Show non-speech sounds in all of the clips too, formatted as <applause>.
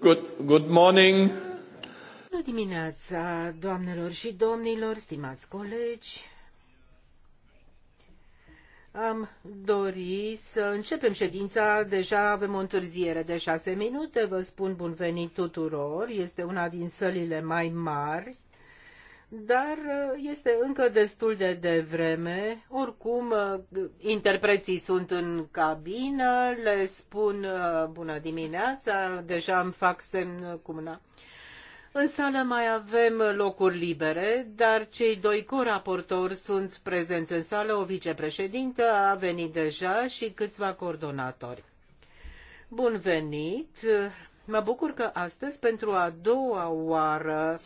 Good, good morning. Bună dimineața, doamnelor și domnilor, stimați colegi. Am dori să începem ședința, deja avem o întârziere de șase minute, vă spun bun venit tuturor, este una din sălile mai mari dar uh, este încă destul de devreme. Oricum, uh, interpreții sunt în cabină, le spun uh, bună dimineața, deja îmi fac semn cu mâna. În sală mai avem locuri libere, dar cei doi coraportori sunt prezenți în sală, o vicepreședintă a venit deja și câțiva coordonatori. Bun venit! Mă bucur că astăzi, pentru a doua oară,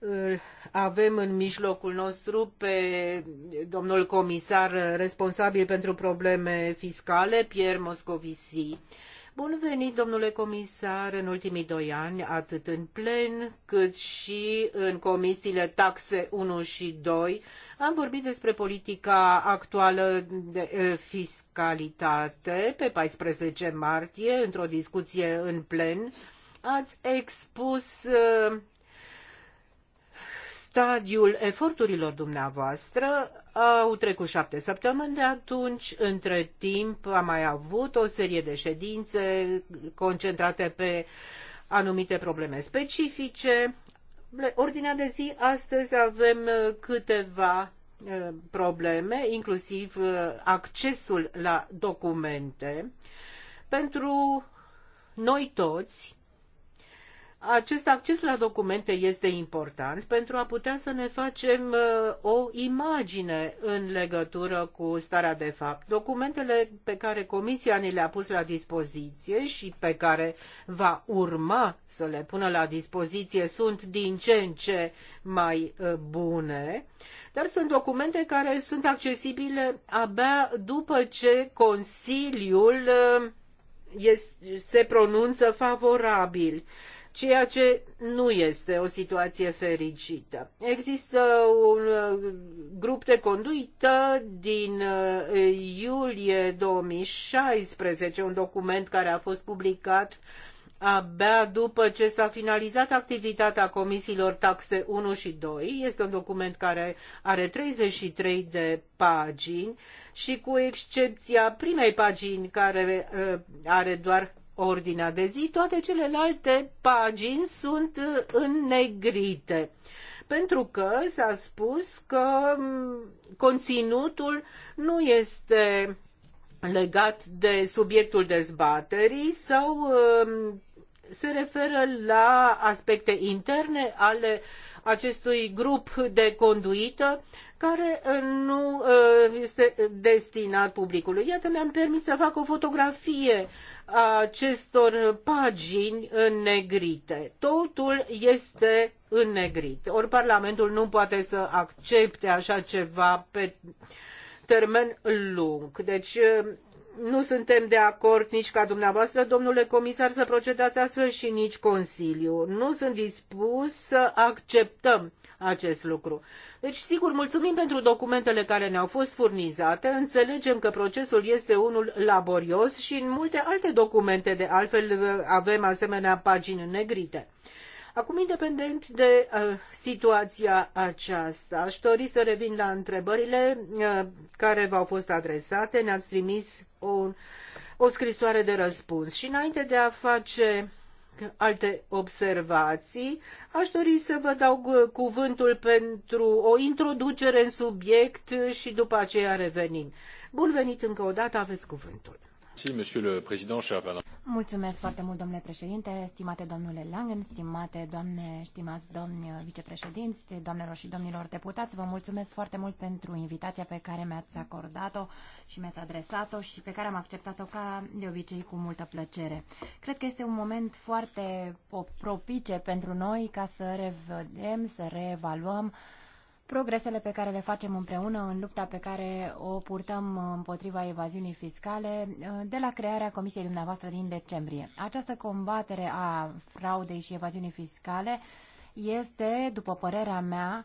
îl avem în mijlocul nostru pe domnul comisar responsabil pentru probleme fiscale, Pierre Moscovici. Bun venit, domnule comisar, în ultimii doi ani, atât în plen, cât și în comisiile taxe 1 și 2. Am vorbit despre politica actuală de fiscalitate pe 14 martie, într-o discuție în plen. Ați expus stadiul eforturilor dumneavoastră. Au trecut șapte săptămâni de atunci, între timp am mai avut o serie de ședințe concentrate pe anumite probleme specifice. Ordinea de zi astăzi avem uh, câteva uh, probleme, inclusiv uh, accesul la documente. Pentru noi toți, acest acces la documente este important pentru a putea să ne facem uh, o imagine în legătură cu starea de fapt. Documentele pe care Comisia ni le-a pus la dispoziție și pe care va urma să le pună la dispoziție sunt din ce în ce mai uh, bune, dar sunt documente care sunt accesibile abia după ce Consiliul uh, se pronunță favorabil ceea ce nu este o situație fericită. Există un uh, grup de conduită din uh, iulie 2016, un document care a fost publicat abia după ce s-a finalizat activitatea comisiilor taxe 1 și 2. Este un document care are 33 de pagini și cu excepția primei pagini care uh, are doar ordinea de zi, toate celelalte pagini sunt uh, înnegrite. Pentru că s-a spus că mm, conținutul nu este legat de subiectul dezbaterii sau um, se referă la aspecte interne ale acestui grup de conduită care uh, nu uh, este destinat publicului. Iată, mi-am permis să fac o fotografie a acestor pagini înnegrite. Totul este înnegrit. Ori Parlamentul nu poate să accepte așa ceva pe termen lung. Deci uh, nu suntem de acord nici ca dumneavoastră, domnule comisar, să procedați astfel și nici Consiliul. Nu sunt dispus să acceptăm acest lucru. Deci, sigur, mulțumim pentru documentele care ne-au fost furnizate, înțelegem că procesul este unul laborios și în multe alte documente, de altfel, avem asemenea pagini negrite. Acum, independent de uh, situația aceasta, aș dori să revin la întrebările uh, care v-au fost adresate. Ne-ați trimis o, o scrisoare de răspuns și înainte de a face alte observații, aș dori să vă dau uh, cuvântul pentru o introducere în subiect și după aceea revenim. Bun venit încă o dată, aveți cuvântul. Mulțumesc foarte mult, domnule președinte, stimate domnule Langen, stimate doamne, stimați domni vicepreședinți, doamnelor și domnilor deputați, vă mulțumesc foarte mult pentru invitația pe care mi-ați acordat-o și mi-ați adresat-o și pe care am acceptat-o ca de obicei cu multă plăcere. Cred că este un moment foarte propice pentru noi ca să revedem, să reevaluăm progresele pe care le facem împreună în lupta pe care o purtăm împotriva evaziunii fiscale de la crearea comisiei dumneavoastră din decembrie. Această combatere a fraudei și evaziunii fiscale este, după părerea mea,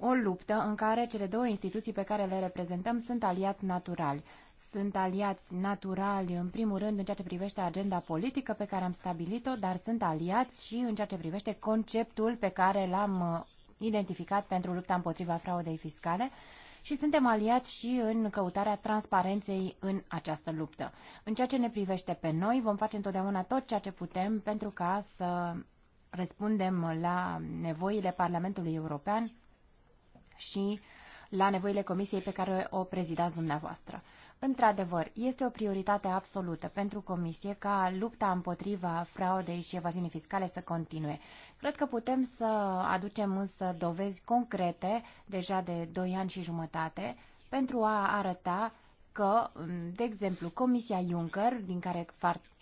o luptă în care cele două instituții pe care le reprezentăm sunt aliați naturali. Sunt aliați naturali, în primul rând, în ceea ce privește agenda politică pe care am stabilit-o, dar sunt aliați și în ceea ce privește conceptul pe care l-am identificat pentru lupta împotriva fraudei fiscale și suntem aliați și în căutarea transparenței în această luptă. În ceea ce ne privește pe noi, vom face întotdeauna tot ceea ce putem pentru ca să răspundem la nevoile Parlamentului European și la nevoile comisiei pe care o prezidați dumneavoastră. Într-adevăr, este o prioritate absolută pentru Comisie ca lupta împotriva fraudei și evaziunii fiscale să continue. Cred că putem să aducem însă dovezi concrete, deja de 2 ani și jumătate, pentru a arăta că, de exemplu, Comisia Juncker, din care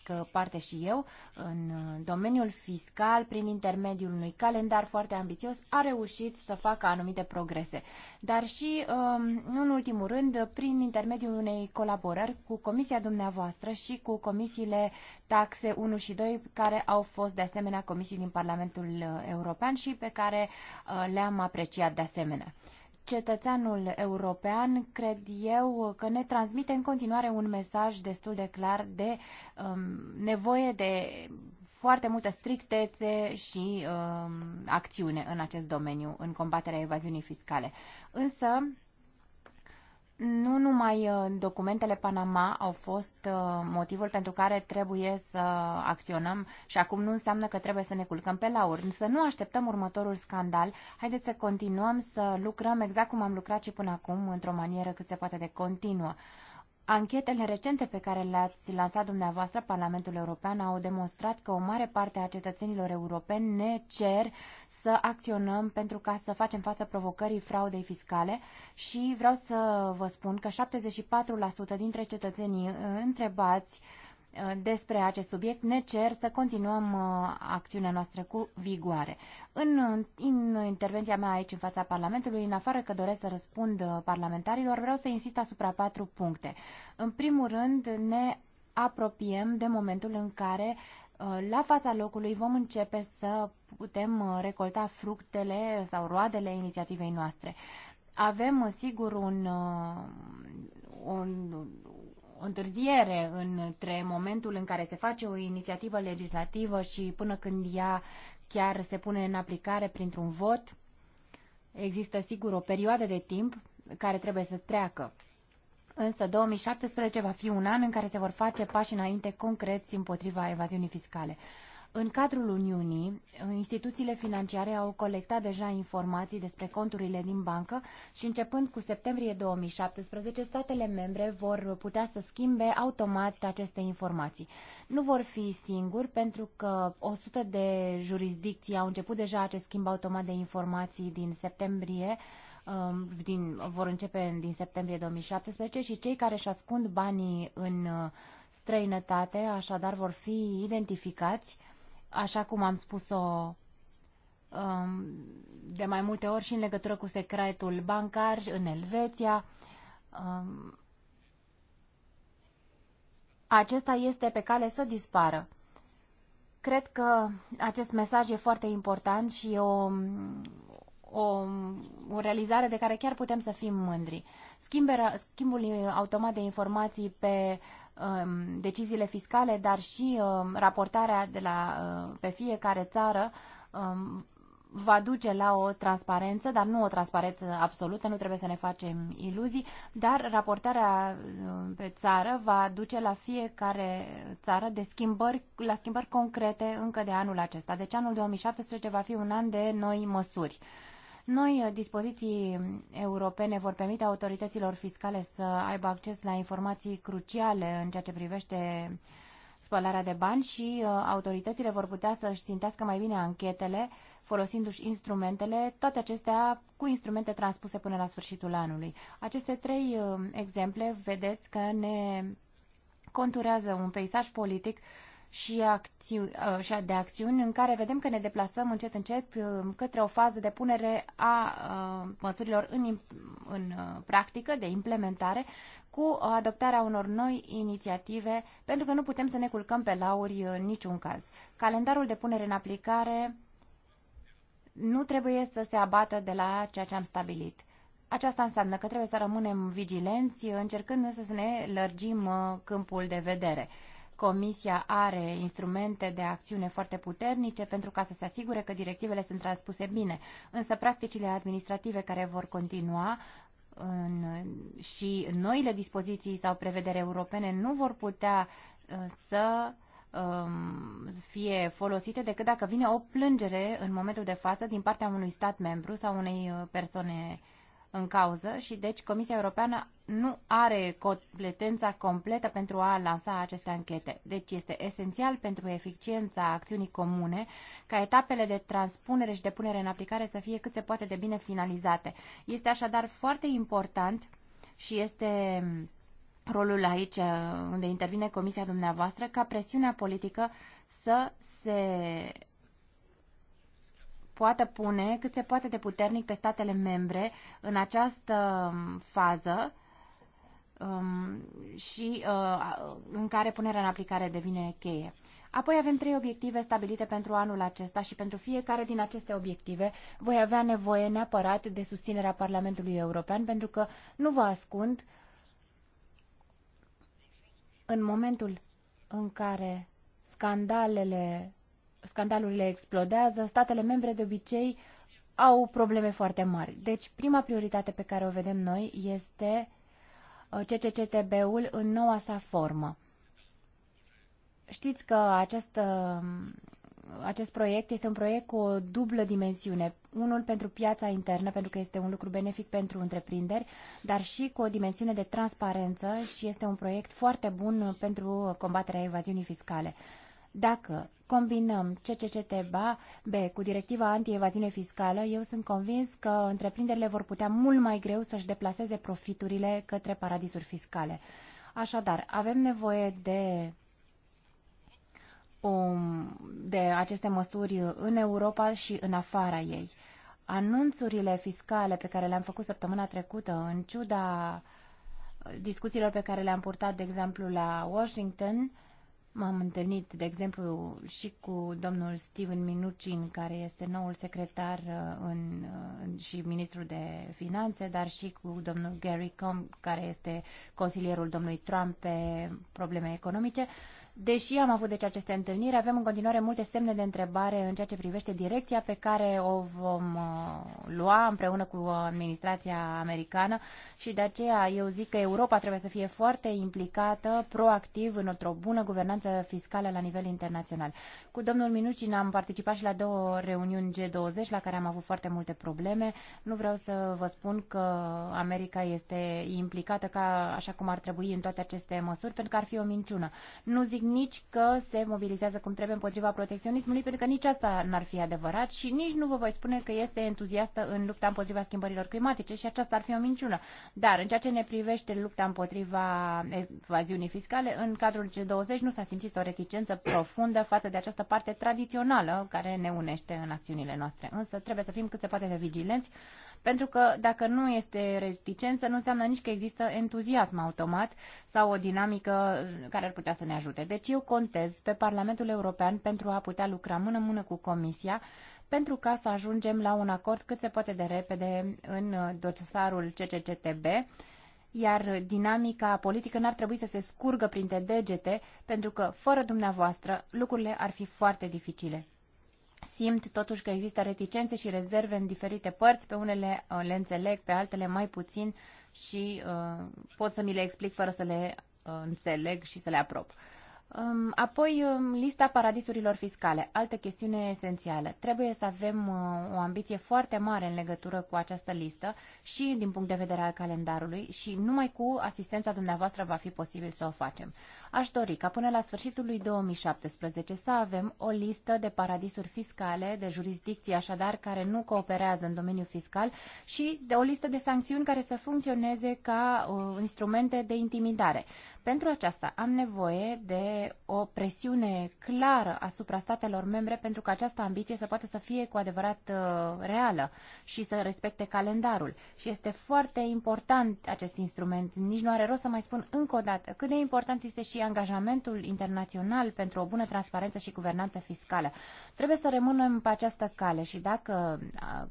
fac parte și eu, în domeniul fiscal, prin intermediul unui calendar foarte ambițios, a reușit să facă anumite progrese. Dar și, um, în ultimul rând, prin intermediul unei colaborări cu Comisia dumneavoastră și cu comisiile taxe 1 și 2, care au fost de asemenea comisii din Parlamentul European și pe care uh, le-am apreciat de asemenea cetățeanul european, cred eu că ne transmite în continuare un mesaj destul de clar de um, nevoie de foarte multă strictețe și um, acțiune în acest domeniu, în combaterea evaziunii fiscale. Însă, nu numai uh, documentele Panama au fost uh, motivul pentru care trebuie să acționăm și acum nu înseamnă că trebuie să ne culcăm pe lauri. Să nu așteptăm următorul scandal. Haideți să continuăm să lucrăm exact cum am lucrat și până acum, într-o manieră cât se poate de continuă. Anchetele recente pe care le-ați lansat dumneavoastră, Parlamentul European, au demonstrat că o mare parte a cetățenilor europeni ne cer să acționăm pentru ca să facem față provocării fraudei fiscale și vreau să vă spun că 74% dintre cetățenii întrebați uh, Uh, despre acest subiect, ne cer să continuăm uh, acțiunea noastră cu vigoare. În, uh, în intervenția mea aici în fața Parlamentului, în afară că doresc să răspund parlamentarilor, vreau să insist asupra patru puncte. În primul rând, ne apropiem de momentul în care la fața locului vom începe să putem recolta fructele sau roadele inițiativei noastre. Avem, sigur, un, un, întârziere între momentul în care se face o inițiativă legislativă și până când ea chiar se pune în aplicare printr-un vot. Există sigur o perioadă de timp care trebuie să treacă. Însă 2017 va fi un an în care se vor face pași înainte concreți împotriva evaziunii fiscale. În cadrul Uniunii, instituțiile financiare au colectat deja informații despre conturile din bancă și începând cu septembrie 2017, statele membre vor putea să schimbe automat aceste informații. Nu vor fi singuri pentru că 100 de jurisdicții au început deja acest schimb automat de informații din septembrie um, din, vor începe din septembrie 2017 și cei care își ascund banii în uh, străinătate, așadar vor fi identificați așa cum am spus-o um, de mai multe ori și în legătură cu secretul bancar în Elveția. Um, acesta este pe cale să dispară. Cred că acest mesaj e foarte important și e o, o, o realizare de care chiar putem să fim mândri. schimbul automat de informații pe uh, Um, deciziile fiscale, dar și um, raportarea de la, uh, pe fiecare țară um, va duce la o transparență, dar nu o transparență absolută, nu trebuie să ne facem iluzii, dar raportarea pe țară va duce la fiecare țară de schimbări, la schimbări concrete încă de anul acesta. Deci anul 2017 va fi un an de noi măsuri. Noi uh, dispoziții europene vor permite autorităților fiscale să aibă acces la informații cruciale în ceea ce privește spălarea de bani și uh, autoritățile vor putea să-și țintească mai bine anchetele folosindu-și instrumentele, toate acestea cu instrumente transpuse până la sfârșitul anului. Aceste trei uh, exemple vedeți că ne conturează un peisaj politic uh, și, uh, și de acțiuni în care vedem că ne deplasăm încet încet uh, către o fază de punere a uh, măsurilor în, în practică, de implementare, cu adoptarea unor noi inițiative, pentru că nu putem să ne culcăm pe lauri în niciun caz. Calendarul de punere în aplicare nu trebuie să se abată de la ceea ce am stabilit. Aceasta înseamnă că trebuie să rămânem vigilenți, încercând să ne lărgim câmpul de vedere. Comisia are instrumente de acțiune foarte puternice pentru ca să se asigure că directivele sunt transpuse bine. Însă practicile administrative care vor continua în, și noile dispoziții sau prevedere europene nu vor putea uh, să um, fie folosite decât dacă vine o plângere în momentul de față din partea unui stat membru sau unei uh, persoane în cauză și deci Comisia Europeană nu are competența completă pentru a lansa aceste anchete. Deci este esențial pentru eficiența acțiunii comune ca etapele de transpunere și de punere în aplicare să fie cât se poate de bine finalizate. Este așadar foarte important și este rolul aici uh, unde intervine Comisia dumneavoastră ca presiunea politică să se poată pune cât se poate de puternic pe statele membre în această um, fază um, și uh, în care punerea în aplicare devine cheie. Apoi avem trei obiective stabilite pentru anul acesta și pentru fiecare din aceste obiective voi avea nevoie neapărat de susținerea Parlamentului European pentru că nu vă ascund în momentul în care scandalele scandalurile explodează, statele membre de obicei au probleme foarte mari. Deci, prima prioritate pe care o vedem noi este uh, CCCTB-ul în noua sa formă. Știți că acest, uh, acest proiect este un proiect cu o dublă dimensiune. Unul pentru piața internă, pentru că este un lucru benefic pentru întreprinderi, dar și cu o dimensiune de transparență și este un proiect foarte bun pentru combaterea evaziunii fiscale. Dacă combinăm CCCTBA B cu directiva anti-evaziune fiscală, eu sunt convins că întreprinderile vor putea mult mai greu să-și deplaseze profiturile către paradisuri fiscale. Așadar, avem nevoie de um, de aceste măsuri în Europa și în afara ei. Anunțurile fiscale pe care le-am făcut săptămâna trecută, în ciuda uh, discuțiilor pe care le-am purtat, de exemplu, la Washington, uh, M-am întâlnit, de exemplu, și cu domnul Steven Minucin, care este noul secretar uh, uh, în, și ministru de finanțe, dar și cu domnul Gary Com, care este consilierul domnului Trump pe probleme economice. Deși am avut deci aceste întâlniri, avem în continuare multe semne de întrebare în ceea ce privește direcția pe care o vom uh, lua împreună cu administrația americană și de aceea eu zic că Europa trebuie să fie foarte implicată, proactiv, în o bună guvernanță fiscală la nivel internațional. Cu domnul Minucin am participat și la două reuniuni G20 la care am avut foarte multe probleme. Nu vreau să vă spun că America este implicată ca așa cum ar trebui în toate aceste măsuri, pentru că ar fi o minciună. Nu zic nici că se mobilizează cum trebuie împotriva protecționismului, pentru că nici asta n-ar fi adevărat și nici nu vă voi spune că este entuziastă implicată în lupta împotriva schimbărilor climatice și aceasta ar fi o minciună. Dar în ceea ce ne privește lupta împotriva evaziunii fiscale, în cadrul G20 nu s-a simțit o reticență profundă față de această parte tradițională care ne unește în acțiunile noastre. Însă trebuie să fim cât se poate de vigilenți, pentru că dacă nu este reticență, nu înseamnă nici că există entuziasm automat sau o dinamică care ar putea să ne ajute. Deci eu contez pe Parlamentul European pentru a putea lucra mână-mână cu Comisia pentru ca să ajungem la un acord cât se poate de repede în uh, dosarul CCCTB, iar dinamica politică n-ar trebui să se scurgă printre degete, pentru că, fără dumneavoastră, lucrurile ar fi foarte dificile. Simt totuși că există reticențe și rezerve în diferite părți, pe unele uh, le înțeleg, pe altele mai puțin și uh, pot să mi le explic fără să le uh, înțeleg și să le aprop. Um, apoi, um, lista paradisurilor fiscale, altă chestiune esențială. Trebuie să avem uh, o ambiție foarte mare în legătură cu această listă și din punct de vedere al calendarului și numai cu asistența dumneavoastră va fi posibil să o facem. Aș dori ca până la sfârșitul lui 2017 să avem o listă de paradisuri fiscale, de jurisdicții așadar care nu cooperează în domeniul fiscal și de o listă de sancțiuni care să funcționeze ca uh, instrumente de intimidare. Pentru aceasta am nevoie de o presiune clară asupra statelor membre pentru că această ambiție să poată să fie cu adevărat uh, reală și să respecte calendarul. Și este foarte important acest instrument. Nici nu are rost să mai spun încă o dată cât de important este și angajamentul internațional pentru o bună transparență și guvernanță fiscală. Trebuie să rămânem pe această cale și dacă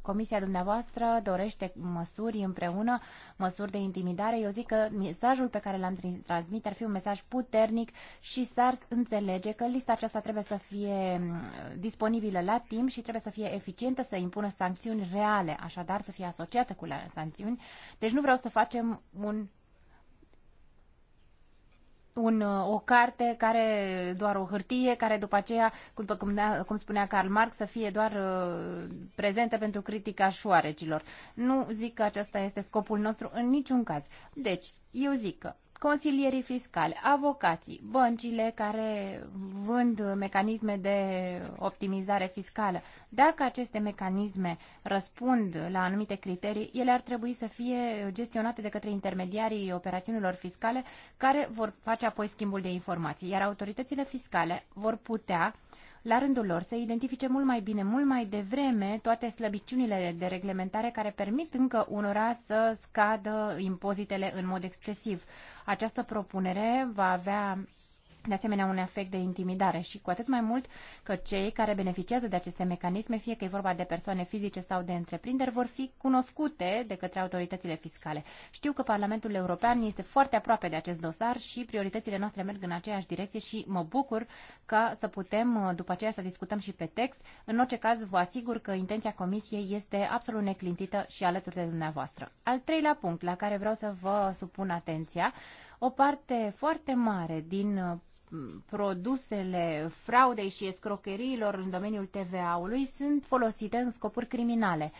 Comisia dumneavoastră dorește măsuri împreună, măsuri de intimidare, eu zic că mesajul pe care l-am transmit ar fi un mesaj puternic și s-ar înțelege că lista aceasta trebuie să fie disponibilă la timp și trebuie să fie eficientă, să impună sancțiuni reale, așadar să fie asociată cu sancțiuni. Deci nu vreau să facem un un, uh, o carte care doar o hârtie, care după aceea, după cum, cum spunea Karl Marx, să fie doar uh, prezentă pentru critica șoarecilor. Nu zic că acesta este scopul nostru în niciun caz. Deci, eu zic că consilierii fiscali, avocații, băncile care vând mecanisme de optimizare fiscală, dacă aceste mecanisme răspund la anumite criterii, ele ar trebui să fie gestionate de către intermediarii operațiunilor fiscale care vor face apoi schimbul de informații, iar autoritățile fiscale vor putea la rândul lor să identifice mult mai bine, mult mai devreme toate slăbiciunile de reglementare care permit încă unora să scadă impozitele în mod excesiv. Această propunere va avea de asemenea un efect de intimidare și cu atât mai mult că cei care beneficiază de aceste mecanisme, fie că e vorba de persoane fizice sau de întreprinderi, vor fi cunoscute de către autoritățile fiscale. Știu că Parlamentul European este foarte aproape de acest dosar și prioritățile noastre merg în aceeași direcție și mă bucur că să putem după aceea să discutăm și pe text. În orice caz, vă asigur că intenția Comisiei este absolut neclintită și alături de dumneavoastră. Al treilea punct la care vreau să vă supun atenția o parte foarte mare din produsele fraudei și escrocheriilor în domeniul TVA-ului sunt folosite în scopuri criminale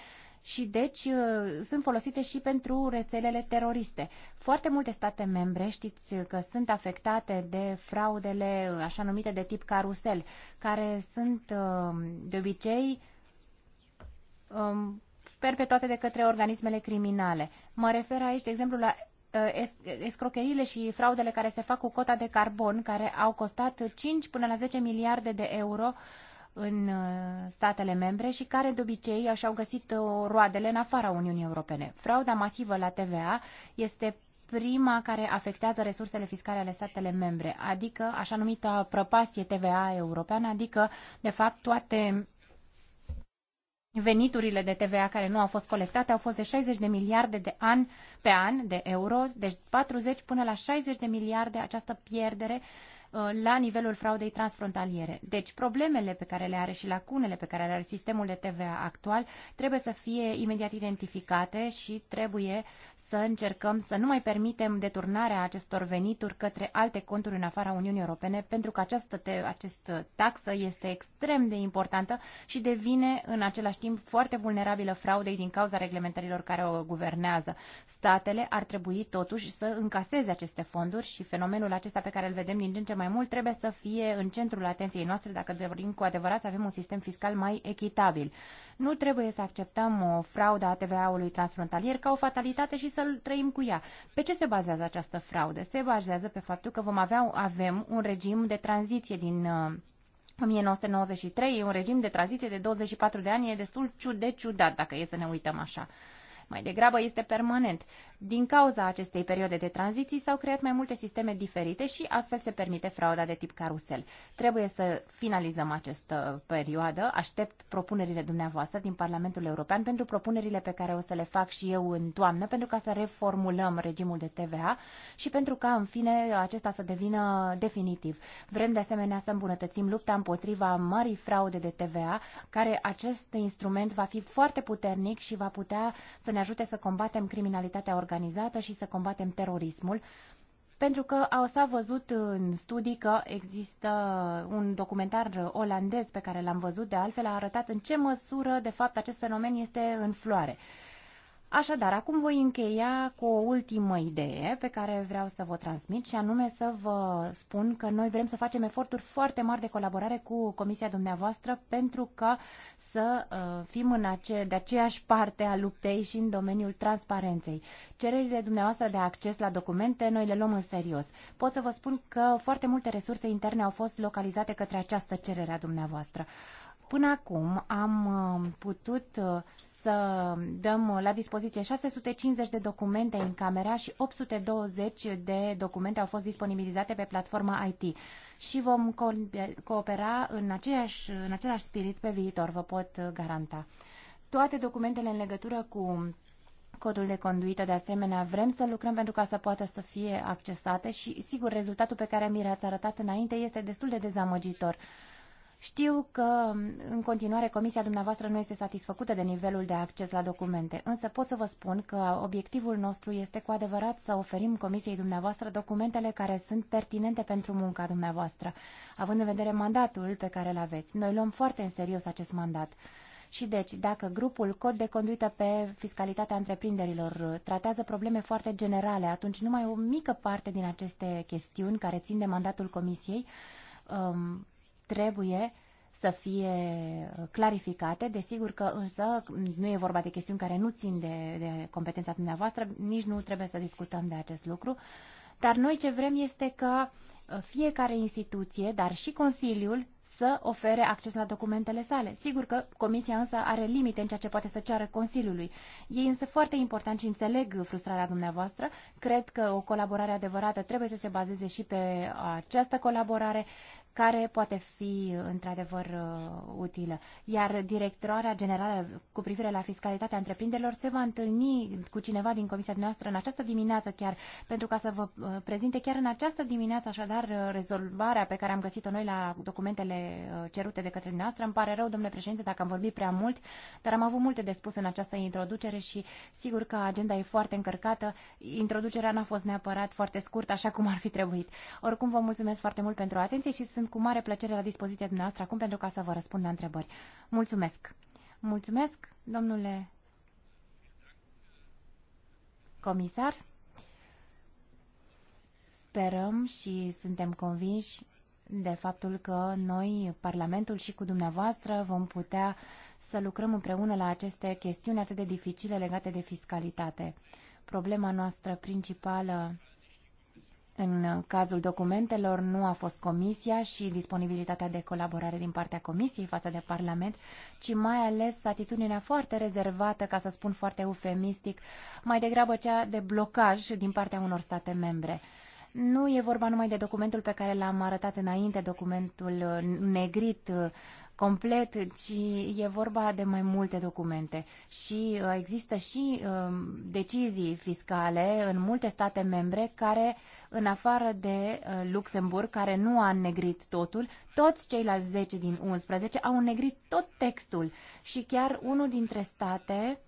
și deci uh, sunt folosite și pentru rețelele teroriste. Foarte multe state membre știți că sunt afectate de fraudele uh, așa numite de tip carusel, care sunt uh, de obicei um, perpetuate de către organismele criminale. Mă refer aici, de exemplu, la Uh, escrocheriile și fraudele care se fac cu cota de carbon, care au costat 5 până la 10 miliarde de euro în uh, statele membre și care de obicei așa au găsit uh, roadele în afara Uniunii Europene. Frauda masivă la TVA este prima care afectează resursele fiscale ale statele membre, adică așa numită prăpastie TVA europeană, adică de fapt toate veniturile de TVA care nu au fost colectate au fost de 60 de miliarde de an pe an de euro, deci 40 până la 60 de miliarde această pierdere uh, la nivelul fraudei transfrontaliere. Deci problemele pe care le are și lacunele pe care le are sistemul de TVA actual trebuie să fie imediat identificate și trebuie să încercăm să nu mai permitem deturnarea acestor venituri către alte conturi în afara Uniunii Europene, pentru că această te, această taxă este extrem de importantă și devine în același timp foarte vulnerabilă fraudei din cauza reglementărilor care o guvernează. Statele ar trebui totuși să încaseze aceste fonduri și fenomenul acesta pe care îl vedem din ce în ce mai mult trebuie să fie în centrul atenției noastre dacă dorim cu adevărat să avem un sistem fiscal mai echitabil. Nu trebuie să acceptăm o uh, fraudă a TVA-ului transfrontalier ca o fatalitate și să să trăim cu ea. Pe ce se bazează această fraudă? Se bazează pe faptul că vom avea, avem un regim de tranziție din uh, 1993, e un regim de tranziție de 24 de ani, e destul de ciudat dacă e să ne uităm așa. Mai degrabă este permanent. Din cauza acestei perioade de tranziții s-au creat mai multe sisteme diferite și astfel se permite frauda de tip carusel. Trebuie să finalizăm această perioadă. Aștept propunerile dumneavoastră din Parlamentul European pentru propunerile pe care o să le fac și eu în toamnă pentru ca să reformulăm regimul de TVA și pentru ca, în fine, acesta să devină definitiv. Vrem de asemenea să îmbunătățim lupta împotriva marii fraude de TVA, care acest instrument va fi foarte puternic și va putea să ne ajute să combatem criminalitatea organizată organizată și să combatem terorismul, pentru că au s-a văzut în studii că există un documentar olandez pe care l-am văzut de altfel, a arătat în ce măsură, de fapt, acest fenomen este în floare. Așadar, acum voi încheia cu o ultimă idee pe care vreau să vă transmit și anume să vă spun că noi vrem să facem eforturi foarte mari de colaborare cu comisia dumneavoastră pentru că să uh, fim în ace- de aceeași parte a luptei și în domeniul transparenței. Cererile dumneavoastră de acces la documente noi le luăm în serios. Pot să vă spun că foarte multe resurse interne au fost localizate către această cerere a dumneavoastră. Până acum am uh, putut uh, să dăm la dispoziție 650 de documente în camera și 820 de documente au fost disponibilizate pe platforma IT și vom coopera în, aceeași, în același spirit pe viitor, vă pot garanta. Toate documentele în legătură cu codul de conduită, de asemenea, vrem să lucrăm pentru ca să poată să fie accesate și, sigur, rezultatul pe care mi l-ați arătat înainte este destul de dezamăgitor. Știu că în continuare comisia dumneavoastră nu este satisfăcută de nivelul de acces la documente, însă pot să vă spun că obiectivul nostru este cu adevărat să oferim comisiei dumneavoastră documentele care sunt pertinente pentru munca dumneavoastră, având în vedere mandatul pe care îl aveți. Noi luăm foarte în serios acest mandat. Și deci, dacă grupul Cod de Conduită pe Fiscalitatea Întreprinderilor tratează probleme foarte generale, atunci numai o mică parte din aceste chestiuni care țin de mandatul Comisiei um, trebuie să fie clarificate. Desigur că însă nu e vorba de chestiuni care nu țin de, de competența dumneavoastră, nici nu trebuie să discutăm de acest lucru. Dar noi ce vrem este ca uh, fiecare instituție, dar și Consiliul, să ofere acces la documentele sale. Sigur că Comisia însă are limite în ceea ce poate să ceară Consiliului. E însă foarte important și înțeleg frustrarea dumneavoastră. Cred că o colaborare adevărată trebuie să se bazeze și pe această colaborare care poate fi într-adevăr uh, utilă. Iar directoarea generală cu privire la fiscalitatea întreprinderilor se va întâlni cu cineva din comisia noastră în această dimineață chiar, pentru ca să vă uh, prezinte chiar în această dimineață așadar uh, rezolvarea pe care am găsit-o noi la documentele cerute de către noastră. Îmi pare rău, domnule președinte, dacă am vorbit prea mult, dar am avut multe de spus în această introducere și sigur că agenda e foarte încărcată. Introducerea n-a fost neapărat foarte scurtă, așa cum ar fi trebuit. Oricum, vă mulțumesc foarte mult pentru atenție și sunt sunt cu mare plăcere la dispoziția dumneavoastră acum pentru ca să vă răspund la întrebări. Mulțumesc! Mulțumesc, domnule comisar. Sperăm și suntem convinși de faptul că noi, Parlamentul și cu dumneavoastră, vom putea să lucrăm împreună la aceste chestiuni atât de dificile legate de fiscalitate. Problema noastră principală în cazul documentelor nu a fost comisia și disponibilitatea de colaborare din partea comisiei față de Parlament, ci mai ales atitudinea foarte rezervată, ca să spun foarte eufemistic, mai degrabă cea de blocaj din partea unor state membre. Nu e vorba numai de documentul pe care l-am arătat înainte, documentul uh, negrit uh, complet, ci e vorba de mai multe documente. Și uh, există și um, decizii fiscale în multe state membre care, în afară de Luxemburg, care nu a negrit totul, toți ceilalți 10 din 11 au negrit tot textul. Și chiar unul dintre state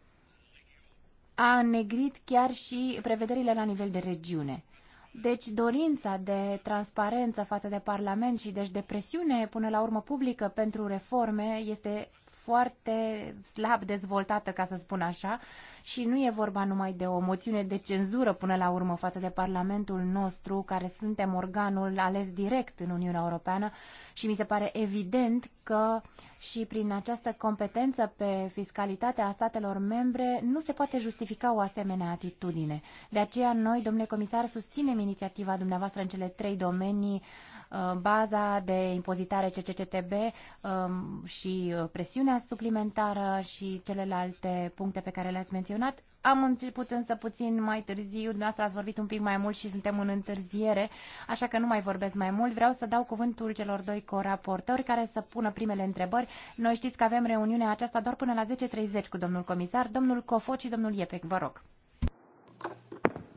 a negrit chiar și prevederile la nivel de regiune. Deci dorința de transparență față de Parlament și deci de presiune până la urmă publică pentru reforme este foarte slab dezvoltată, ca să spun așa, și nu e vorba numai de o moțiune de cenzură până la urmă față de Parlamentul nostru, care suntem organul ales direct în Uniunea Europeană și mi se pare evident că și prin această competență pe fiscalitatea statelor membre nu se poate justifica o asemenea atitudine. De aceea noi, domnule comisar, susținem inițiativa dumneavoastră în cele trei domenii uh, Uh, baza de impozitare CCCTB um, și uh, presiunea suplimentară și celelalte puncte pe care le-ați menționat. Am început însă puțin mai târziu, dumneavoastră ați vorbit un pic mai mult și suntem în întârziere, așa că nu mai vorbesc mai mult. Vreau să dau cuvântul celor doi coraportori care să pună primele întrebări. Noi știți că avem reuniunea aceasta doar până la 10.30 cu domnul comisar, domnul Cofot și domnul Iepec. Vă rog.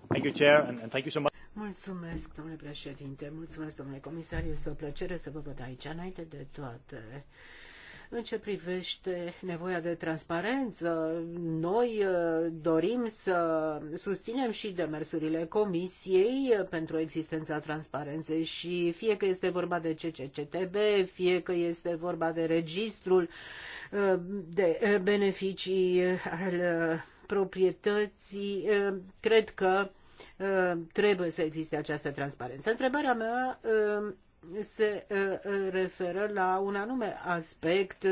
Thank you, Chair, and, and thank you so much. Mulțumesc, domnule președinte, mulțumesc, domnule comisar. Este o plăcere să vă văd aici. Înainte de toate, în ce privește nevoia de transparență, noi uh, dorim să susținem și demersurile Comisiei uh, pentru existența transparenței și fie că este vorba de CCCTB, fie că este vorba de registrul uh, de beneficii al proprietății, cred că Uh, trebuie să existe această transparență. Întrebarea mea uh, se uh, referă la un anume aspect.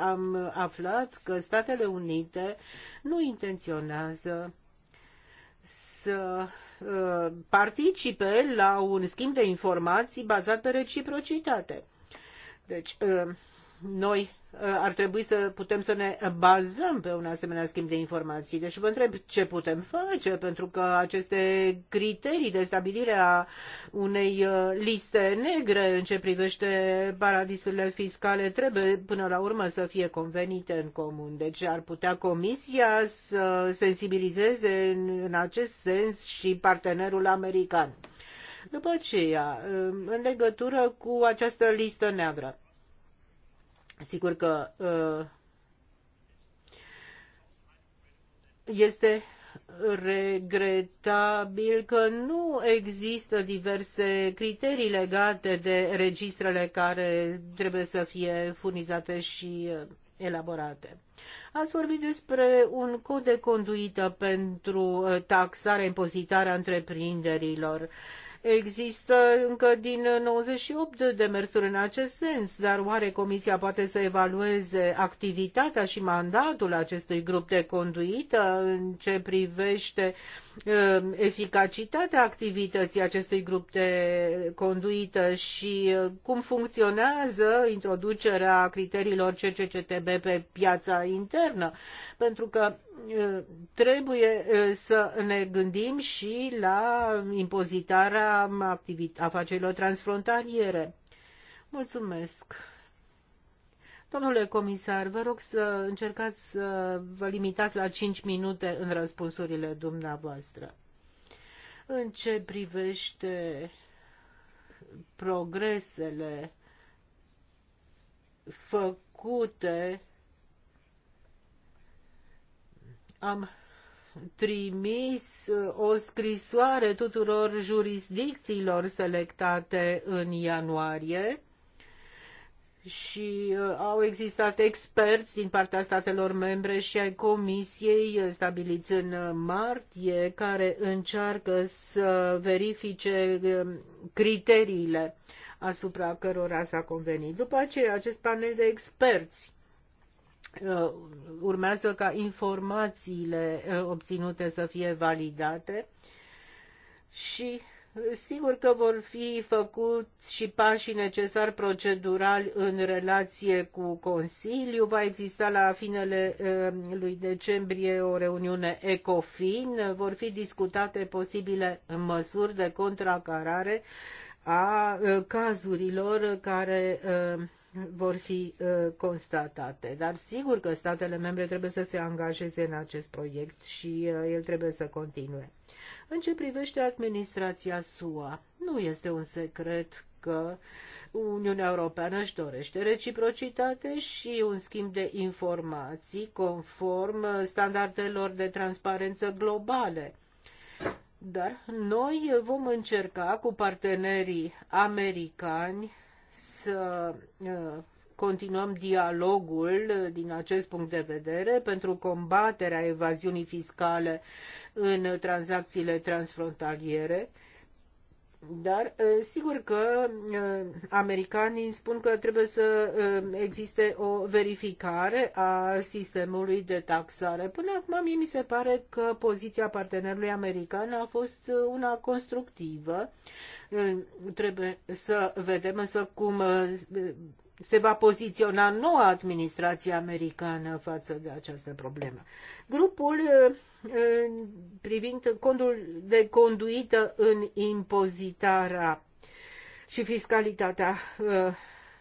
Am aflat că Statele Unite nu intenționează să participe la un schimb de informații bazat pe reciprocitate. Deci, noi Uh, ar trebui să putem să ne bazăm pe un asemenea schimb de informații. Deci vă întreb ce putem face, pentru că aceste criterii de stabilire a unei uh, liste negre în ce privește paradisurile fiscale trebuie până la urmă să fie convenite în comun. Deci ar putea Comisia să sensibilizeze în acest sens și partenerul american. După aceea, uh, în legătură cu această listă neagră, Sigur că uh, este regretabil că nu există diverse criterii legate de registrele care trebuie să fie furnizate și uh, elaborate. Ați vorbit despre un cod de conduită pentru uh, taxarea, a întreprinderilor. Uh, Există încă din 98 demersuri în acest sens, dar oare Comisia poate să evalueze activitatea și mandatul acestui grup de conduită în ce privește uh, Uh, eficacitatea activității acestui grup de conduită și uh, cum funcționează introducerea criteriilor CCCTB pe piața internă, pentru că uh, trebuie să ne gândim și la impozitarea afacerilor transfrontaliere. Mulțumesc! Domnule comisar, vă rog să încercați să vă limitați la 5 minute în răspunsurile dumneavoastră. În ce privește progresele făcute, am trimis o scrisoare tuturor jurisdicțiilor selectate în ianuarie și uh, au existat experți din partea statelor membre și ai comisiei uh, stabiliți în uh, martie care încearcă să verifice um, criteriile asupra cărora s-a convenit. După aceea, acest panel de experți urmează ca informațiile obținute să fie validate și Sigur că vor fi făcuți și pașii necesari procedurali în relație cu Consiliu. Va exista la finele eh, lui decembrie o reuniune ECOFIN. Vor fi discutate posibile măsuri de contracarare a eh, cazurilor care eh, vor fi uh, constatate. Dar sigur că statele membre trebuie să se angajeze în acest proiect și uh, el trebuie să continue. În ce privește administrația SUA, nu este un secret că Uniunea Europeană își dorește reciprocitate și un schimb de informații conform uh, standardelor de transparență globale. Dar noi vom încerca cu partenerii americani să uh, continuăm dialogul uh, din acest punct de vedere pentru combaterea evaziunii fiscale în tranzacțiile transfrontaliere. Dar sigur că americanii spun că trebuie să existe o verificare a sistemului de taxare. Până acum mie mi se pare că poziția partenerului american a fost una constructivă. Trebuie să vedem însă cum se va poziționa noua administrație americană față de această problemă. Grupul uh, privind condul de conduită în impozitarea și fiscalitatea uh,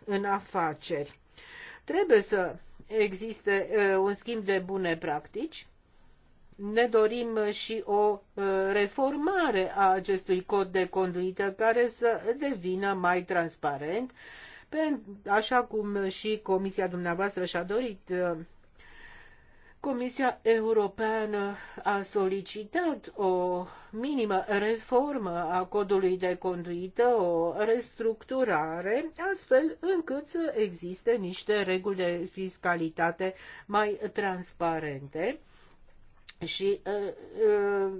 în afaceri. Trebuie să existe uh, un schimb de bune practici. Ne dorim și o reformare a acestui cod de conduită care să devină mai transparent, așa cum și Comisia dumneavoastră și-a dorit. Uh, comisia Europeană a solicitat o minimă reformă a codului de conduită, o restructurare, astfel încât să existe niște reguli de fiscalitate mai transparente și uh, uh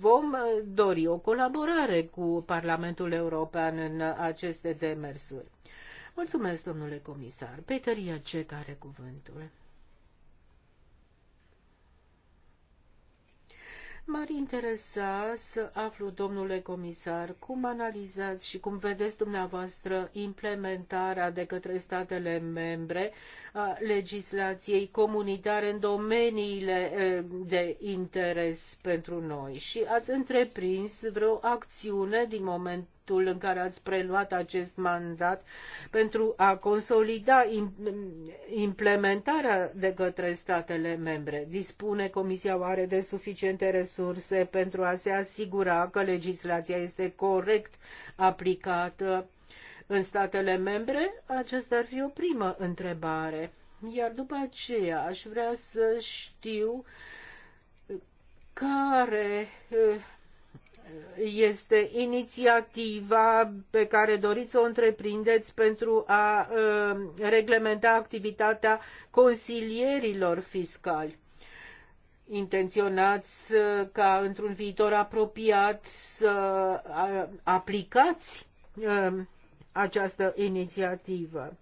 vom dori o colaborare cu Parlamentul European în aceste demersuri. Mulțumesc, domnule comisar. Peter Iacek are cuvântul. M-ar interesa să aflu, domnule comisar, cum analizați și cum vedeți dumneavoastră implementarea de către statele membre a legislației comunitare în domeniile de interes pentru noi și ați întreprins vreo acțiune din moment momentul în care ați preluat acest mandat pentru a consolida implementarea de către statele membre? Dispune Comisia oare de suficiente resurse pentru a se asigura că legislația este corect aplicată în statele membre? Aceasta ar fi o primă întrebare. Iar după aceea aș vrea să știu care este inițiativa pe care doriți să o întreprindeți pentru a ă, reglementa activitatea consilierilor fiscali intenționați ă, ca într-un viitor apropiat să aplicați ă, această inițiativă.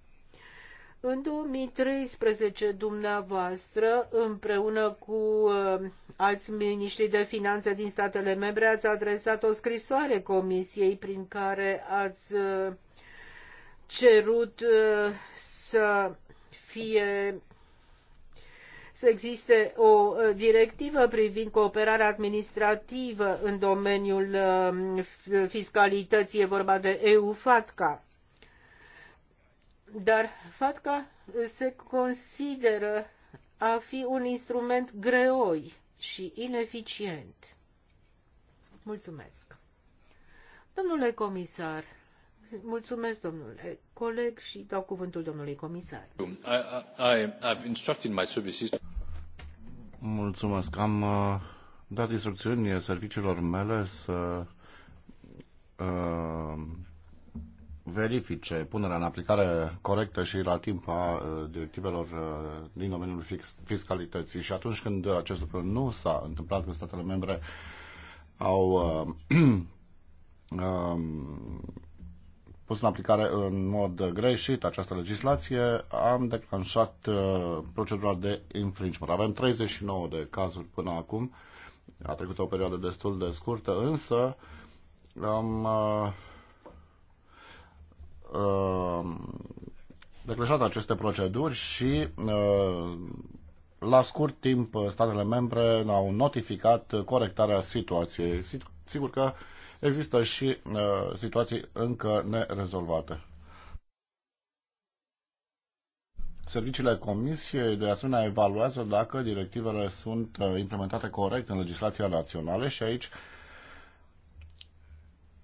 În 2013, dumneavoastră, împreună cu uh, alți miniștri de finanțe din statele membre, ați adresat o scrisoare Comisiei prin care ați uh, cerut uh, să fie să existe o directivă privind cooperarea administrativă în domeniul fiscalității, e vorba de EU-FATCA. Dar FATCA se consideră a fi un instrument greoi și ineficient. Mulțumesc. Domnule comisar, mulțumesc, domnule coleg, și dau cuvântul domnului comisar. I, I, I've instructed my services. Mulțumesc. Am uh, dat instrucțiuni serviciilor mele să uh, verifice punerea în aplicare corectă și la timp a uh, directivelor uh, din domeniul fix, fiscalității. Și atunci când acest lucru nu s-a întâmplat, când statele membre au uh, <clears throat> uh, pus în aplicare în mod greșit această legislație, am declanșat uh, procedura de infringement. Avem 39 de cazuri până acum, a trecut o perioadă destul de scurtă, însă am uh, Uh, declanșat aceste proceduri și uh, la scurt timp statele membre au notificat corectarea situației. Sigur că există și uh, situații încă nerezolvate. Serviciile Comisiei de asemenea evaluează dacă directivele sunt implementate corect în legislația națională și aici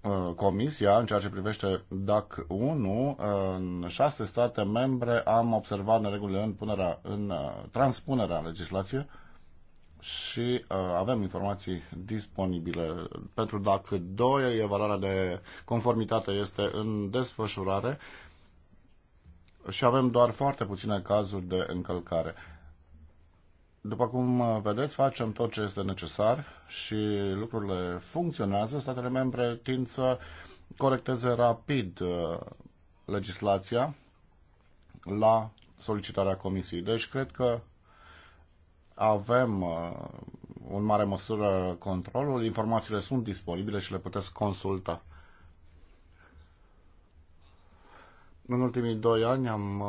Uh, comisia în ceea ce privește DAC 1. Uh, în șase state membre am observat neregulile în, punerea, în uh, transpunerea legislației și uh, avem informații disponibile. Pentru DAC 2, evaluarea de conformitate este în desfășurare și avem doar foarte puține cazuri de încălcare. După cum uh, vedeți, facem tot ce este necesar și lucrurile funcționează. Statele membre tind să corecteze rapid uh, legislația la solicitarea Comisiei. Deci cred că avem uh, în mare măsură controlul, informațiile sunt disponibile și le puteți consulta. În ultimii doi ani am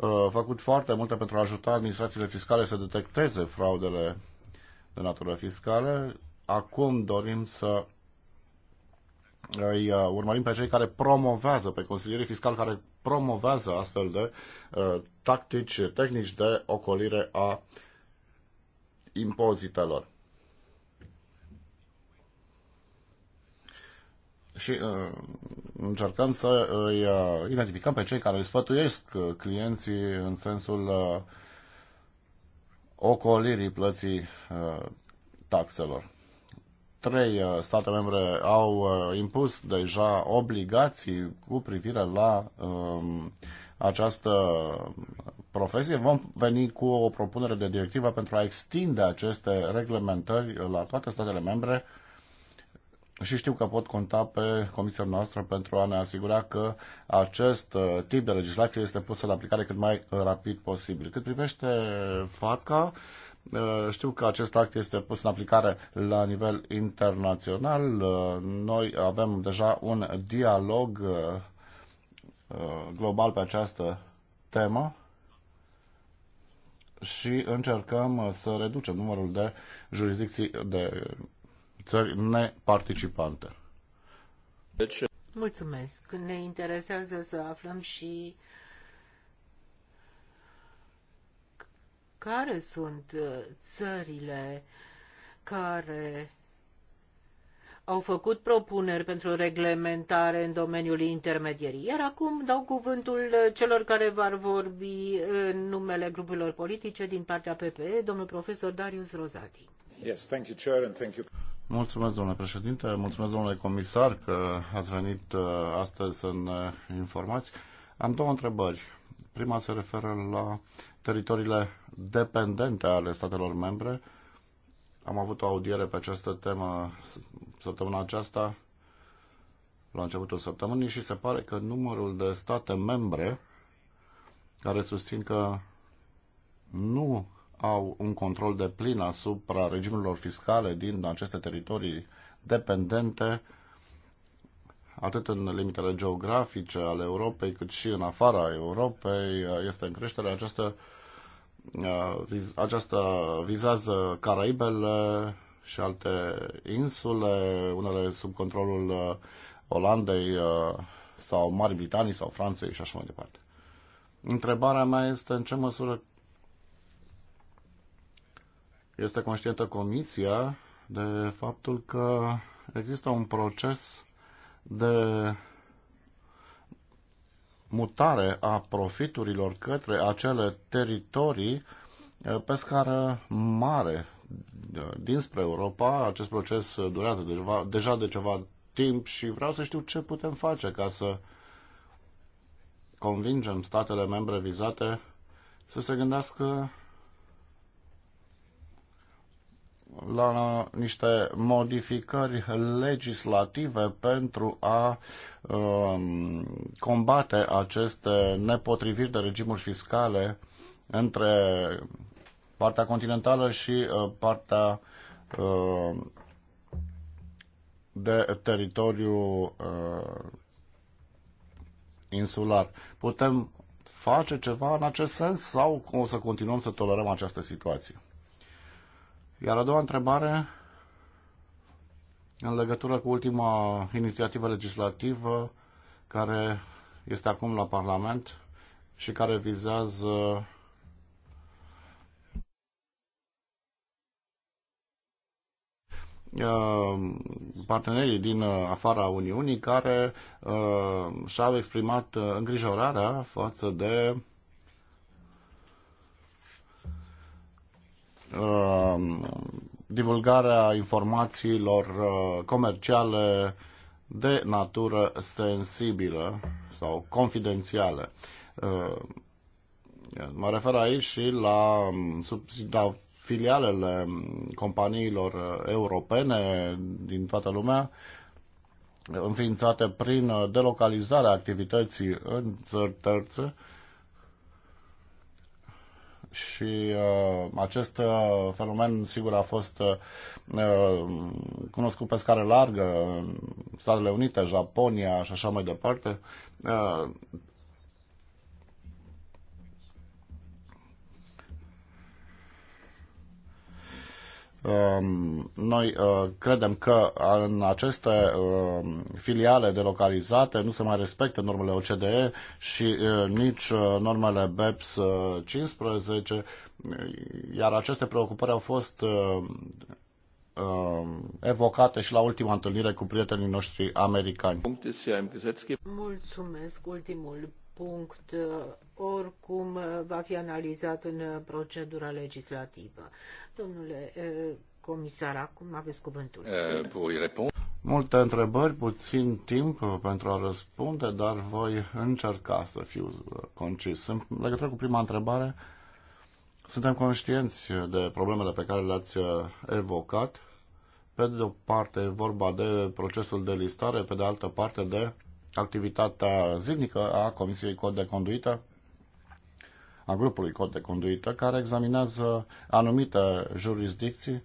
Uh, făcut foarte multe pentru a ajuta administrațiile fiscale să detecteze fraudele de natură fiscală. Acum dorim să îi uh, urmărim pe cei care promovează, pe consilierii fiscali care promovează astfel de uh, tactici, tehnici de ocolire a impozitelor. și uh, încercăm să uh, îi uh, identificăm pe cei care îi sfătuiesc uh, clienții în sensul uh, ocolirii plății uh, taxelor. Trei uh, state membre au uh, impus deja obligații cu privire la uh, această profesie. Vom veni cu o propunere de directivă pentru a extinde aceste reglementări la toate statele membre uh, și știu că pot conta pe comisia noastră pentru a ne asigura că acest uh, tip de legislație este pusă în aplicare cât mai uh, rapid posibil. Cât privește FACA, uh, știu că acest act este pus în aplicare la nivel internațional. Noi avem deja un dialog global pe această temă și încercăm să reducem numărul de jurisdicții de țări neparticipante. Deci... Mulțumesc. Ne interesează să aflăm și care sunt uh, țările care au făcut propuneri pentru reglementare în domeniul intermedierii. Iar acum dau cuvântul uh, celor care vor vorbi în numele grupurilor politice din partea PPE, domnul profesor Darius Rozati. Yes, thank you, Chair, and thank you. Mulțumesc, domnule președinte, mulțumesc, domnule comisar, că ați venit uh, astăzi să ne informați. Am două întrebări. Prima se referă la teritoriile dependente ale statelor membre. Am avut o audiere pe această temă săptămâna aceasta, la începutul săptămânii, și se pare că numărul de state membre care susțin că nu au un control de plin asupra regimurilor fiscale din aceste teritorii dependente, atât în limitele geografice ale Europei, cât și în afara Europei, este în creștere. Această, uh, aceasta vizează Caraibele și alte insule, unele sub controlul uh, Olandei uh, sau Marii Britanii sau Franței și așa mai departe. Întrebarea mea este în ce măsură este conștientă Comisia de faptul că există un proces de mutare a profiturilor către acele teritorii eh, pe scară mare eh, dinspre Europa. Acest proces durează deja, deja de ceva timp și vreau să știu ce putem face ca să convingem statele membre vizate să se gândească la niște modificări legislative pentru a um, combate aceste nepotriviri de regimuri fiscale între partea continentală și uh, partea uh, de teritoriu uh, insular. Putem face ceva în acest sens sau o să continuăm să tolerăm această situație? Iar a doua întrebare, în legătură cu ultima inițiativă legislativă care este acum la Parlament și care vizează uh, partenerii din afara Uniunii care uh, și-au exprimat îngrijorarea față de Um, divulgarea informațiilor uh, comerciale de natură sensibilă sau confidențială. Uh, mă refer aici și la, um, la filialele companiilor uh, europene din toată lumea, înființate prin delocalizarea activității în țări terțe, și uh, acest uh, fenomen sigur a fost uh, uh, cunoscut pe scară largă în Statele Unite, Japonia și așa mai departe. Uh, Um, noi uh, credem că în aceste um, filiale delocalizate nu se mai respectă normele OCDE și uh, nici uh, normele BEPS 15, iar aceste preocupări au fost um, evocate și la ultima întâlnire cu prietenii noștri americani. Mulțumesc. Ultimul punct uh, oricum uh, va fi analizat în uh, procedura legislativă. Domnule comisar, acum aveți cuvântul. Multe întrebări, puțin timp pentru a răspunde, dar voi încerca să fiu concis. În legătură cu prima întrebare, suntem conștienți de problemele pe care le-ați evocat. Pe de o parte e vorba de procesul de listare, pe de altă parte de activitatea zilnică a Comisiei Cod de Conduită, a grupului Cod de Conduită, care examinează anumite jurisdicții,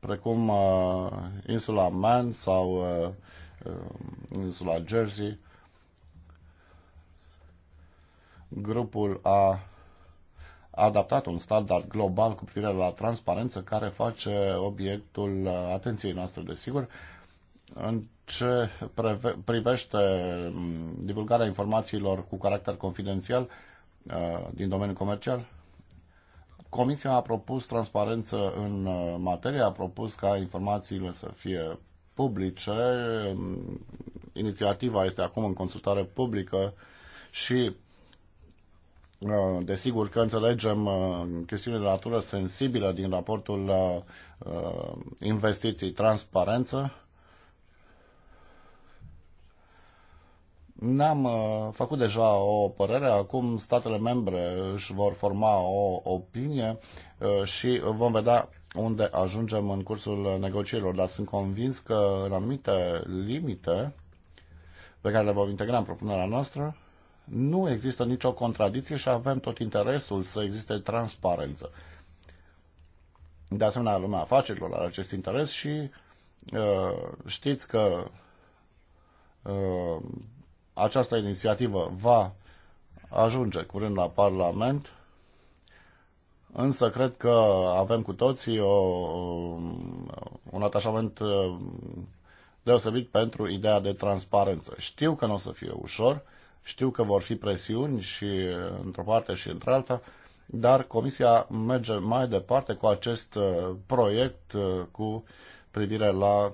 precum uh, insula Man sau uh, uh, insula Jersey. Grupul a adaptat un standard global cu privire la transparență care face obiectul uh, atenției noastre, desigur. sigur în ce privește mm, divulgarea informațiilor cu caracter confidențial uh, din domeniul comercial, Comisia a propus transparență în uh, materie, a propus ca informațiile să fie publice. Mm, inițiativa este acum în consultare publică și uh, Desigur că înțelegem chestiunile de natură sensibilă din raportul investiții transparență. Ne-am uh, făcut deja o părere, acum statele membre își vor forma o opinie uh, și vom vedea unde ajungem în cursul negocierilor, dar sunt convins că în anumite limite pe care le vom integra în propunerea noastră, nu există nicio contradicție și avem tot interesul să existe transparență. De asemenea, lumea afacerilor are acest interes și uh, știți că uh, această inițiativă va ajunge curând la Parlament, însă cred că avem cu toții o, un atașament uh, deosebit pentru ideea de transparență. Știu că nu o să fie ușor, știu că vor fi presiuni și uh, într-o parte și într-alta, dar Comisia merge mai departe cu acest uh, proiect cu privire la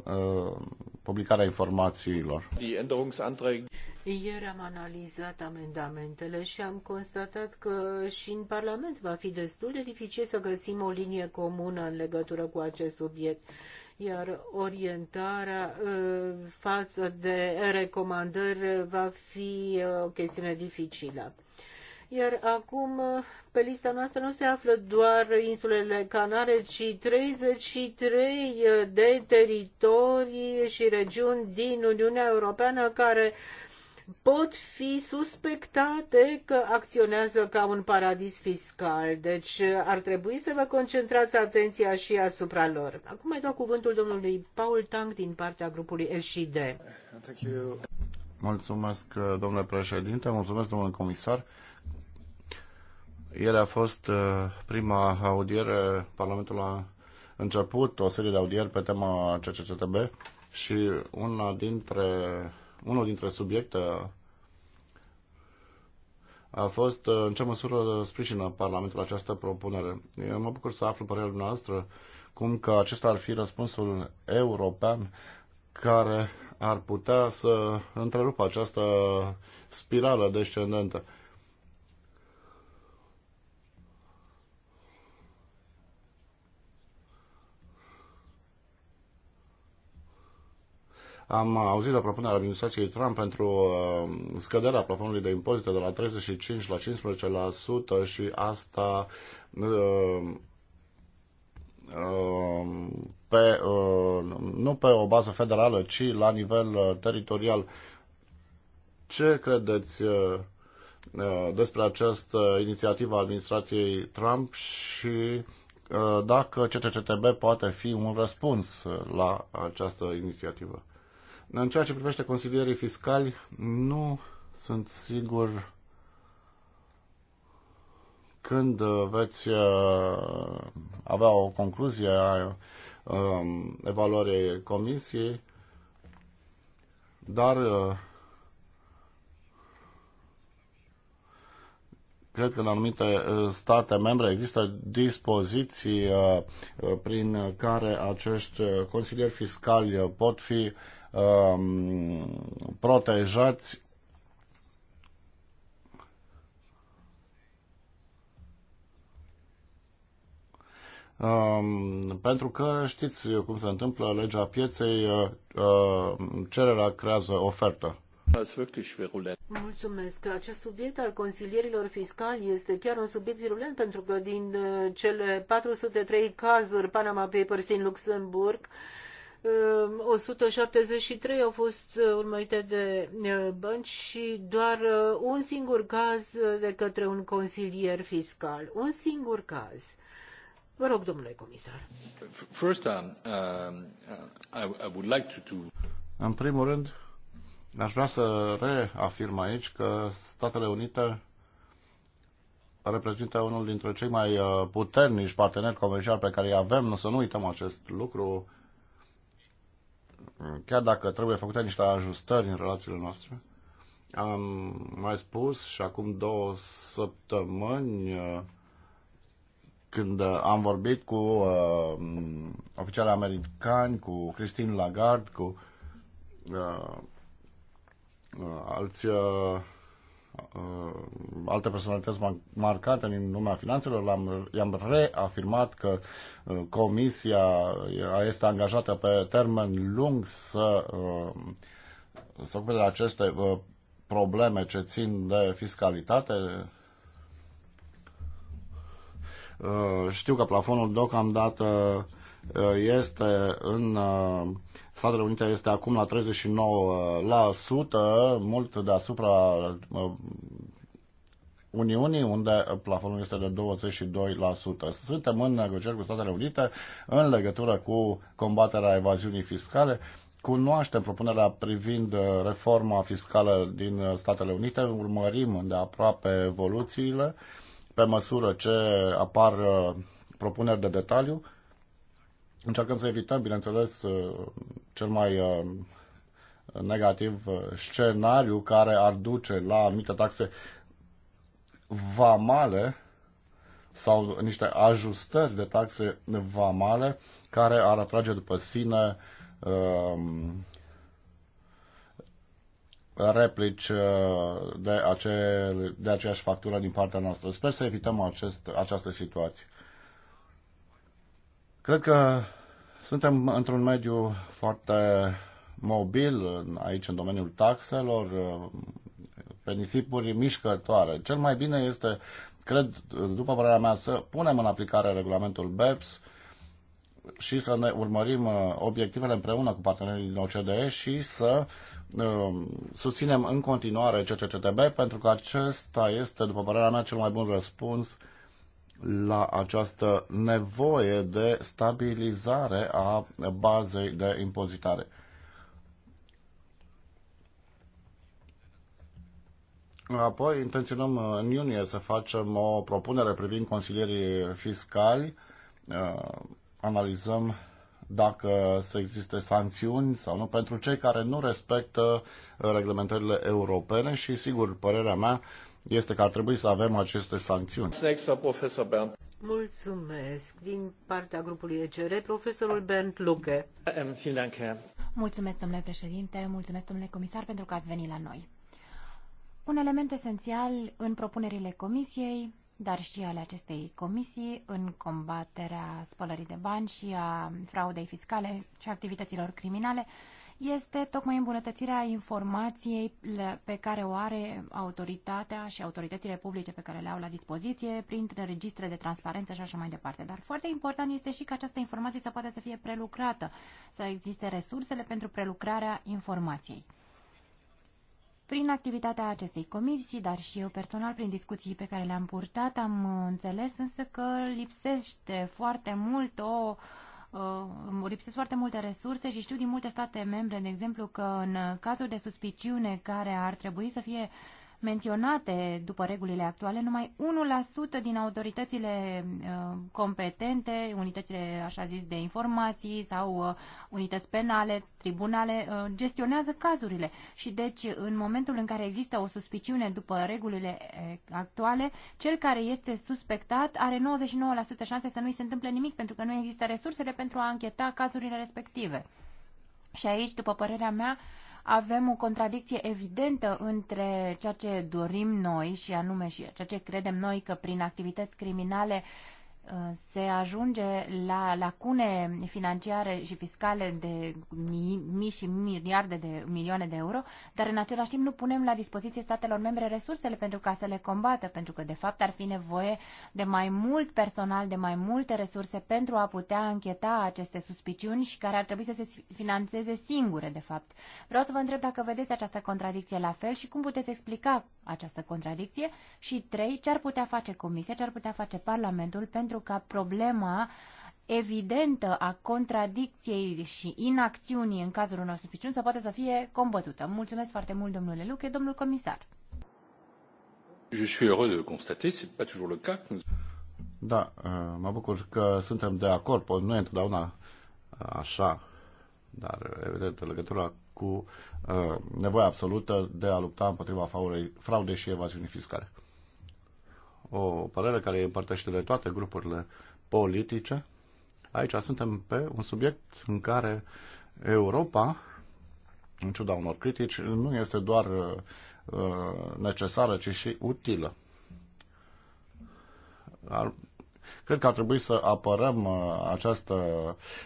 publicarea informațiilor. Ieri am analizat amendamentele și am constatat că și în Parlament va fi destul de dificil să găsim o linie comună în legătură cu acest subiect iar orientarea ă, față de recomandări va fi ă, o chestiune dificilă. Iar acum, ă, pe lista noastră nu se află doar insulele Canare, ci 33 de teritorii și regiuni din Uniunea Europeană care pot fi suspectate că acționează ca un paradis fiscal. Deci ar trebui să vă concentrați atenția și asupra lor. Acum îi dau cuvântul domnului Paul Tang din partea grupului SJD. Mulțumesc, domnule președinte, mulțumesc, domnule comisar. Ieri a fost uh, prima audiere, Parlamentul a început o serie de audieri pe tema CCCTB și una dintre unul dintre subiecte a fost uh, în ce măsură sprijină Parlamentul această propunere. Eu mă bucur să aflu părerea noastră cum că acesta ar fi răspunsul european care ar putea să întrerupă această spirală descendentă. Am auzit de propunerea administrației Trump pentru uh, scăderea plafonului de impozite de la 35 la 15% și asta uh, uh, pe, nu pe o bază federală, ci la nivel teritorial. Ce credeți despre această inițiativă a administrației Trump și dacă CTCTB poate fi un răspuns la această inițiativă? În ceea ce privește consilierii fiscali, nu sunt sigur când uh, veți uh, avea o concluzie a um, evaluării comisiei, dar uh, cred că în anumite state membre există dispoziții prin care acești consilieri fiscali pot fi Um, protejați um, pentru că știți cum se întâmplă legea pieței, uh, uh, cererea creează ofertă. Mulțumesc. Acest subiect al consilierilor fiscali este chiar un subiect virulent pentru că din uh, cele 403 cazuri Panama Papers din Luxemburg, 173 ehm, au fost eh, urmărite de eh, bănci și doar eh, un singur caz de către un consilier fiscal. Un singur caz. Vă rog, domnule comisar. First, um, um uh, I, would like to, În primul rând, aș vrea să reafirm aici că Statele Unite reprezintă unul dintre cei mai uh, puternici parteneri comerciali pe care îi avem, nu să nu uităm acest lucru chiar dacă trebuie făcute niște ajustări în relațiile noastre, am mai spus și acum două săptămâni uh, când uh, am vorbit cu uh, oficiali americani, cu Christine Lagarde, cu uh, uh alți uh, Uh, alte personalități marcate din lumea finanțelor, l-am, i-am reafirmat că uh, comisia este angajată pe termen lung să uh, se ocupe de aceste probleme ce țin de fiscalitate. Știu că plafonul deocamdată Uh, este în uh, Statele Unite este acum la 39%, mult deasupra uh, Uniunii, unde plafonul este de 22%. Suntem în negocieri cu Statele Unite în legătură cu combaterea evaziunii fiscale. Cunoaștem propunerea privind reforma fiscală din Statele Unite, urmărim de aproape evoluțiile pe măsură ce apar propuneri de detaliu Încercăm să evităm, bineînțeles, uh, cel mai uh, negativ uh, scenariu care ar duce la anumite taxe vamale sau niște ajustări de taxe vamale care ar atrage după sine um, replici de, acele, de aceeași factură din partea noastră. Sper să evităm acest, această situație. Cred că suntem într-un mediu foarte mobil aici în domeniul taxelor, pe nisipuri mișcătoare. Cel mai bine este, cred, după părerea mea, să punem în aplicare regulamentul BEPS și să ne urmărim uh, obiectivele împreună cu partenerii din OCDE și să uh, susținem în continuare CCCTB pentru că acesta este, după părerea mea, cel mai bun răspuns la această nevoie de stabilizare a bazei de impozitare. Apoi intenționăm în iunie să facem o propunere privind consilierii fiscali. Uh, analizăm dacă să existe sancțiuni sau nu pentru cei care nu respectă reglementările europene și, sigur, părerea mea este că ar trebui să avem aceste sancțiuni. Uh, mulțumesc. Din partea grupului ECR, profesorul Bernd Luke. Um, mulțumesc, domnule președinte, mulțumesc, domnule comisar, pentru că ați venit la noi. Un element esențial în propunerile comisiei, dar și ale acestei comisii, în combaterea spălării de bani și a fraudei fiscale și activităților criminale, este tocmai îmbunătățirea informației pe care o are autoritatea și autoritățile publice pe care le au la dispoziție prin registre de transparență și așa mai departe. Dar foarte important este și că această informație să poată să fie prelucrată, să existe resursele pentru prelucrarea informației. Prin activitatea acestei comisii, dar și eu personal, prin discuții pe care le-am purtat, am înțeles însă că lipsește foarte mult o uh, uh, lipsesc foarte multe resurse și știu din multe state membre, de exemplu, că în cazuri de suspiciune care ar trebui să fie uh, menționate după regulile actuale, numai 1% din autoritățile uh, competente, unitățile așa zis de informații sau uh, unități penale, tribunale, uh, gestionează cazurile. Și deci în momentul în care există o suspiciune după regulile actuale, cel care este suspectat are 99% șanse să nu-i se întâmple nimic pentru că nu există resursele pentru a încheta cazurile respective. Și aici, după părerea mea, avem o contradicție evidentă între ceea ce dorim noi și anume și ceea ce credem noi că prin activități criminale se ajunge la lacune financiare și fiscale de mii și miliarde de milioane de euro, dar în același timp nu punem la dispoziție statelor membre resursele pentru ca să le combată, pentru că de fapt ar fi nevoie de mai mult personal, de mai multe resurse pentru a putea încheta aceste suspiciuni și care ar trebui să se financeze singure, de fapt. Vreau să vă întreb dacă vedeți această contradicție la fel și cum puteți explica această contradicție și, trei, ce ar putea face Comisia, ce ar putea face Parlamentul pentru pentru ca problema evidentă a contradicției și inacțiunii în cazul unor suspiciuni să poată să fie combătută. Mulțumesc foarte mult, domnule Luche, domnul comisar. Je suis heureux de constater, c'est pas toujours le cas. Da, uh, mă bucur că suntem de acord, nu e întotdeauna uh, așa, dar evident legătura cu uh, nevoia absolută de a lupta împotriva fraudei și evaziunii fiscale o părere care e împărtășită de toate grupurile politice. Aici suntem pe un subiect în care Europa, în ciuda unor critici, nu este doar uh, necesară, ci și utilă. Ar, cred că ar trebui să apărăm uh, această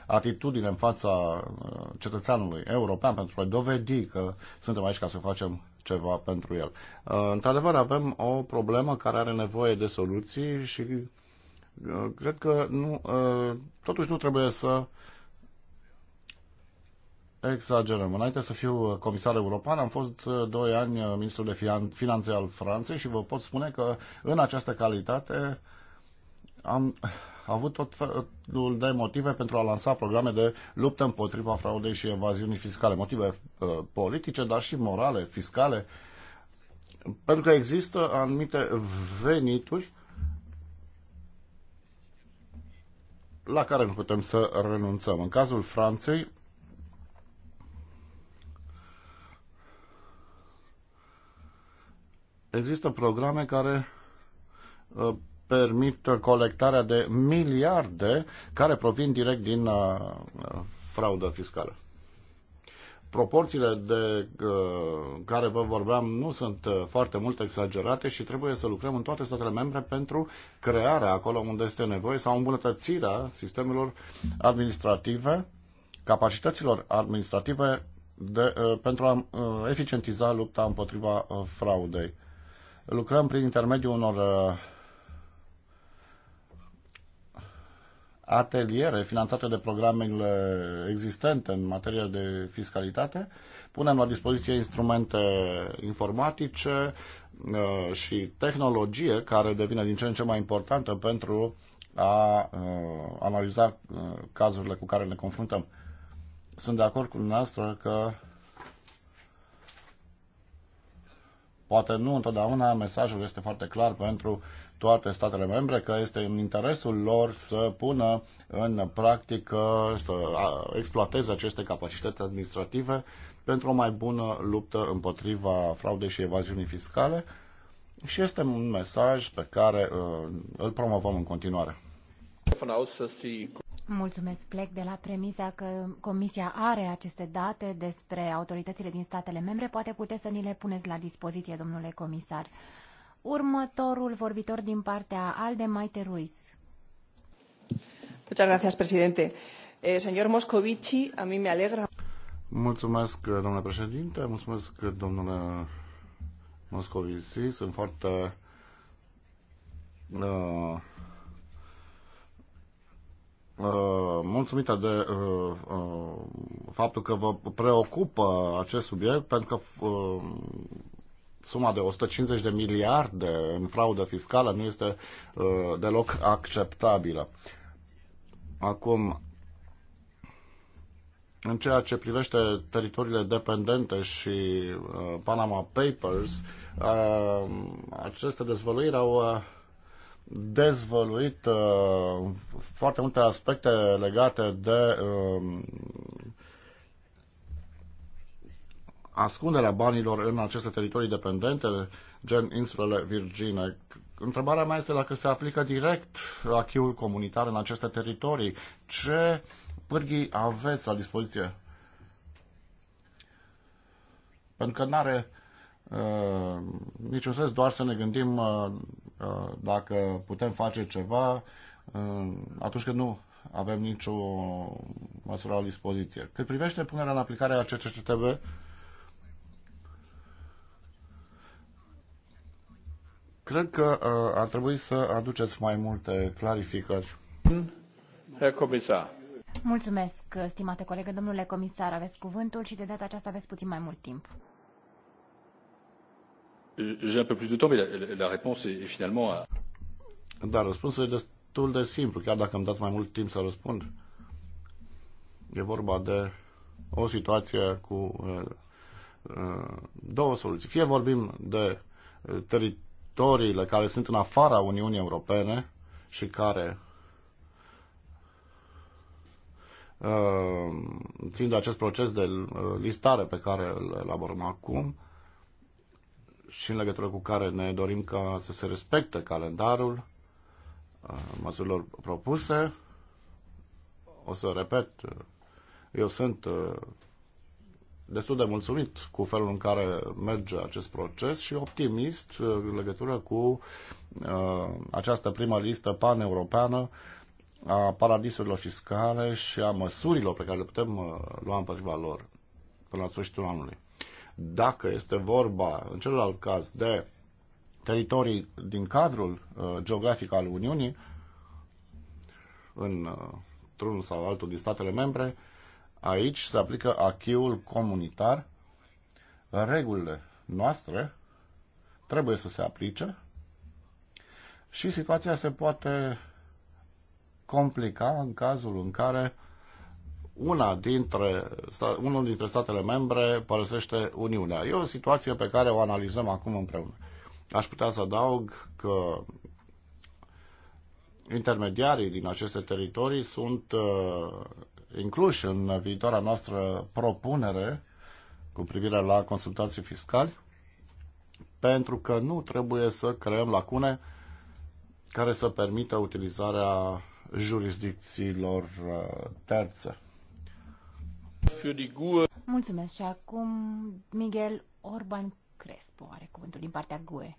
atitudine în fața uh, cetățeanului european pentru a dovedi că suntem aici ca să facem ceva pentru el. Uh, într-adevăr, avem o problemă care are nevoie de soluții și uh, cred că nu, uh, totuși nu trebuie să exagerăm. Înainte să fiu comisar european, am fost doi ani ministrul de finanțe al Franței și vă pot spune că în această calitate am avut tot felul de motive pentru a lansa programe de luptă împotriva fraudei și evaziunii fiscale. Motive uh, politice, dar și morale, fiscale. Pentru că există anumite venituri la care nu putem să renunțăm. În cazul Franței, există programe care uh, permit colectarea de miliarde care provin direct din uh, fraudă fiscală. Proporțiile de uh, care vă vorbeam nu sunt uh, foarte mult exagerate și trebuie să lucrăm în toate statele membre pentru crearea acolo unde este nevoie sau îmbunătățirea sistemelor administrative, capacităților administrative de, uh, pentru a uh, eficientiza lupta împotriva uh, fraudei. Lucrăm prin intermediul unor uh, ateliere finanțate de programele existente în materie de fiscalitate. Punem la dispoziție instrumente informatice uh, și tehnologie care devine din ce în ce mai importantă pentru a uh, analiza uh, cazurile cu care ne confruntăm. Sunt de acord cu dumneavoastră că poate nu întotdeauna mesajul este foarte clar pentru toate statele membre că este în interesul lor să pună în practică, să exploateze aceste capacități administrative pentru o mai bună luptă împotriva fraudei și evaziunii fiscale și este un mesaj pe care uh, îl promovăm în continuare. Mulțumesc. Plec de la premisa că Comisia are aceste date despre autoritățile din statele membre. Poate puteți să ni le puneți la dispoziție, domnule comisar. Următorul vorbitor din partea ALDE, Maite Ruiz. Muchas gracias, presidente. Eh, señor Moscovici, a mí me alegra. Mulțumesc, domnule președinte, mulțumesc, domnule Moscovici. Sunt foarte uh, uh mulțumită de uh, uh, faptul că vă preocupă acest subiect, pentru că uh, suma de 150 de miliarde în fraudă fiscală nu este uh, deloc acceptabilă. Acum, în ceea ce privește teritoriile dependente și uh, Panama Papers, uh, aceste dezvăluiri au dezvăluit uh, foarte multe aspecte legate de uh, ascunderea banilor în aceste teritorii dependente, gen insulele Virgine. Întrebarea mea este dacă se aplică direct achiul comunitar în aceste teritorii. Ce pârghii aveți la dispoziție? Pentru că nu are uh, niciun sens doar să ne gândim uh, uh, dacă putem face ceva uh, atunci când nu avem nicio măsură la dispoziție. Cât privește punerea în aplicare a uh, Cred că uh, ar trebui să aduceți mai multe clarificări. Herr Comisar. Mulțumesc, stimate colegă. Domnule comisar, aveți cuvântul și de data aceasta aveți puțin mai mult timp. J'ai un peu plus de temps, mais la, la réponse est finalement à... Da, răspunsul e destul de simplu, chiar dacă îmi dați mai mult timp să răspund. E vorba de o situație cu uh, uh, două soluții. Fie vorbim de uh, teritoriul teritoriile care sunt în afara Uniunii Europene și care uh, țin de acest proces de uh, listare pe care îl elaborăm acum și în legătură cu care ne dorim ca să se respecte calendarul uh, măsurilor propuse. O să repet, eu sunt destul de mulțumit cu felul în care merge acest proces și optimist uh, în legătură cu uh, această primă listă paneuropeană a paradisurilor fiscale și a măsurilor pe care le putem uh, lua împotriva lor până la sfârșitul anului. Dacă este vorba, în celălalt caz, de teritorii din cadrul uh, geografic al Uniunii, în, într-unul sau altul din statele membre, uh, Aici se aplică acheul comunitar. Regulile noastre trebuie să se aplice și situația se poate complica în cazul în care una dintre, unul dintre statele membre părăsește Uniunea. E o situație pe care o analizăm acum împreună. Aș putea să adaug că intermediarii din aceste teritorii sunt uh, incluși în viitoarea noastră propunere cu privire la consultații fiscali, pentru că nu trebuie să creăm lacune care să permită utilizarea jurisdicțiilor uh, terțe. Mulțumesc și acum Miguel Orban Crespo are cuvântul din partea GUE.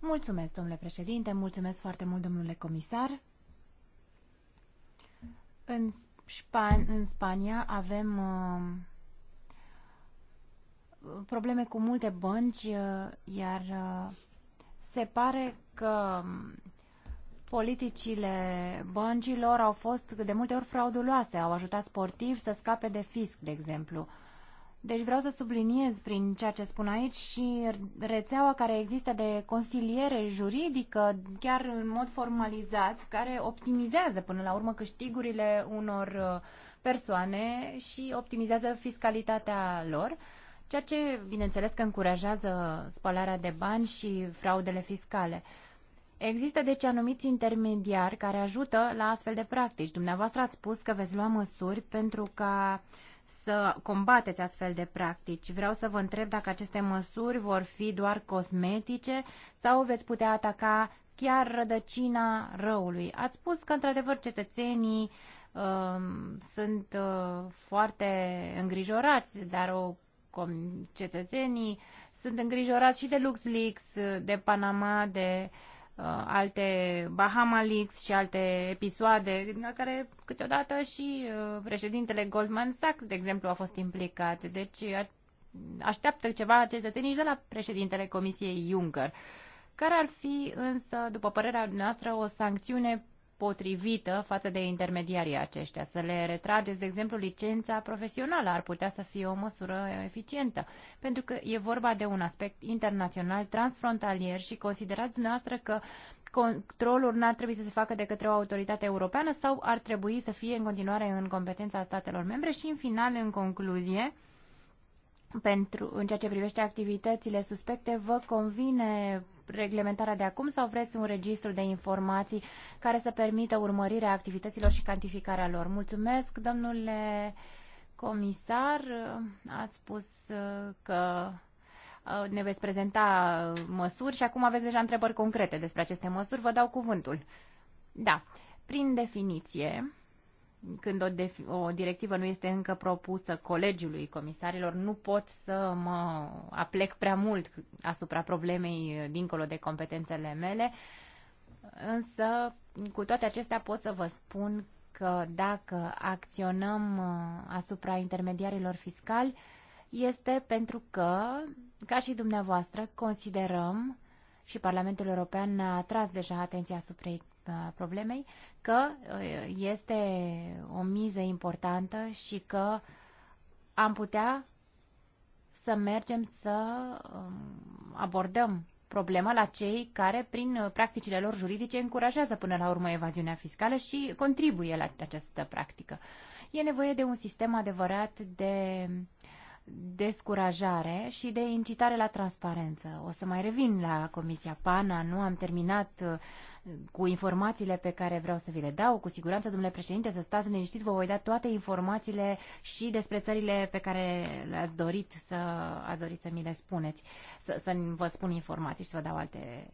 Mulțumesc, domnule președinte, mulțumesc foarte mult, domnule comisar. În, Span- în Spania avem uh, probleme cu multe bănci, uh, iar uh, se pare că um, politicile băncilor au fost de multe ori frauduloase, au ajutat sportivi să scape de fisc, de exemplu. Uh, deci vreau să subliniez prin ceea ce spun aici și rețeaua care există de consiliere juridică, chiar în mod formalizat, care optimizează până la urmă câștigurile unor uh, persoane și optimizează fiscalitatea lor, ceea ce, bineînțeles, că încurajează spălarea de bani și fraudele fiscale. Există deci anumiți intermediari care ajută la astfel de practici. Dumneavoastră ați spus că veți lua măsuri pentru ca să combateți astfel de practici. Vreau să vă întreb dacă aceste măsuri vor fi doar cosmetice sau veți putea ataca chiar rădăcina răului. Ați spus că, într-adevăr, cetățenii uh, sunt uh, foarte îngrijorați, dar o, com, cetățenii sunt îngrijorați și de LuxLeaks, de Panama, de uh, Uh, alte Bahama Leaks și alte episoade, la care câteodată și uh, președintele Goldman Sachs, de exemplu, a fost implicat. Deci așteaptă ceva cetățenii și de la președintele Comisiei Juncker. Care ar fi însă, după părerea noastră, o sancțiune potrivită față de intermediarii aceștia. Să le retrageți, de exemplu, licența profesională ar putea să fie o măsură eficientă, pentru că e vorba de un aspect internațional, transfrontalier și considerați dumneavoastră că controlul n-ar trebui să se facă de către o autoritate europeană sau ar trebui să fie în continuare în competența statelor membre și, în final, în concluzie, pentru, în ceea ce privește activitățile suspecte, vă convine reglementarea de acum sau vreți un registru de informații care să permită urmărirea activităților și cantificarea lor? Mulțumesc, domnule comisar. Ați spus uh, că uh, ne veți prezenta uh, măsuri și acum aveți deja întrebări concrete despre aceste măsuri. Vă dau cuvântul. Da, prin definiție, când o, o directivă nu este încă propusă colegiului comisarilor, nu pot să mă aplec prea mult asupra problemei dincolo de competențele mele, însă cu toate acestea pot să vă spun că dacă acționăm uh, asupra intermediarilor fiscali, este pentru că, ca și dumneavoastră, considerăm și Parlamentul European a atras deja atenția asupra, Uh, problemei, că uh, este o miză importantă și că am putea să mergem să um, abordăm problema la cei care, prin uh, practicile lor juridice, încurajează până la urmă evaziunea fiscală și contribuie la această practică. E nevoie de un sistem adevărat de descurajare și de incitare la transparență. O să mai revin la Comisia PANA, nu am terminat uh, cu informațiile pe care vreau să vi le dau. Cu siguranță, domnule președinte, să stați liniștit, vă voi da toate informațiile și despre țările pe care le-ați dorit să, ați dorit să mi le spuneți, să, să vă spun informații și să vă dau alte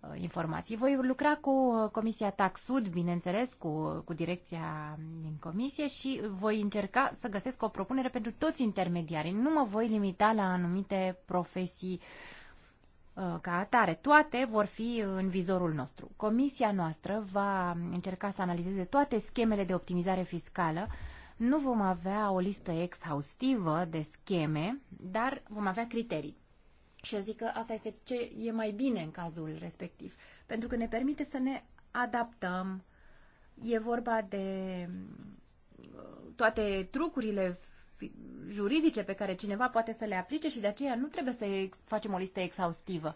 Uh, informații. Voi lucra cu uh, Comisia Taxud, bineînțeles, cu, cu direcția din comisie și voi încerca să găsesc o propunere pentru toți intermediarii. Nu mă voi limita la anumite profesii uh, ca atare. Toate vor fi în vizorul nostru. Comisia noastră va încerca să analizeze toate schemele de optimizare fiscală. Nu vom avea o listă exhaustivă de scheme, dar vom avea criterii. Și eu zic că asta este ce e mai bine în cazul respectiv, pentru că ne permite să ne adaptăm. E vorba de uh, toate trucurile juridice pe care cineva poate să le aplice și de aceea nu trebuie să facem o listă exhaustivă.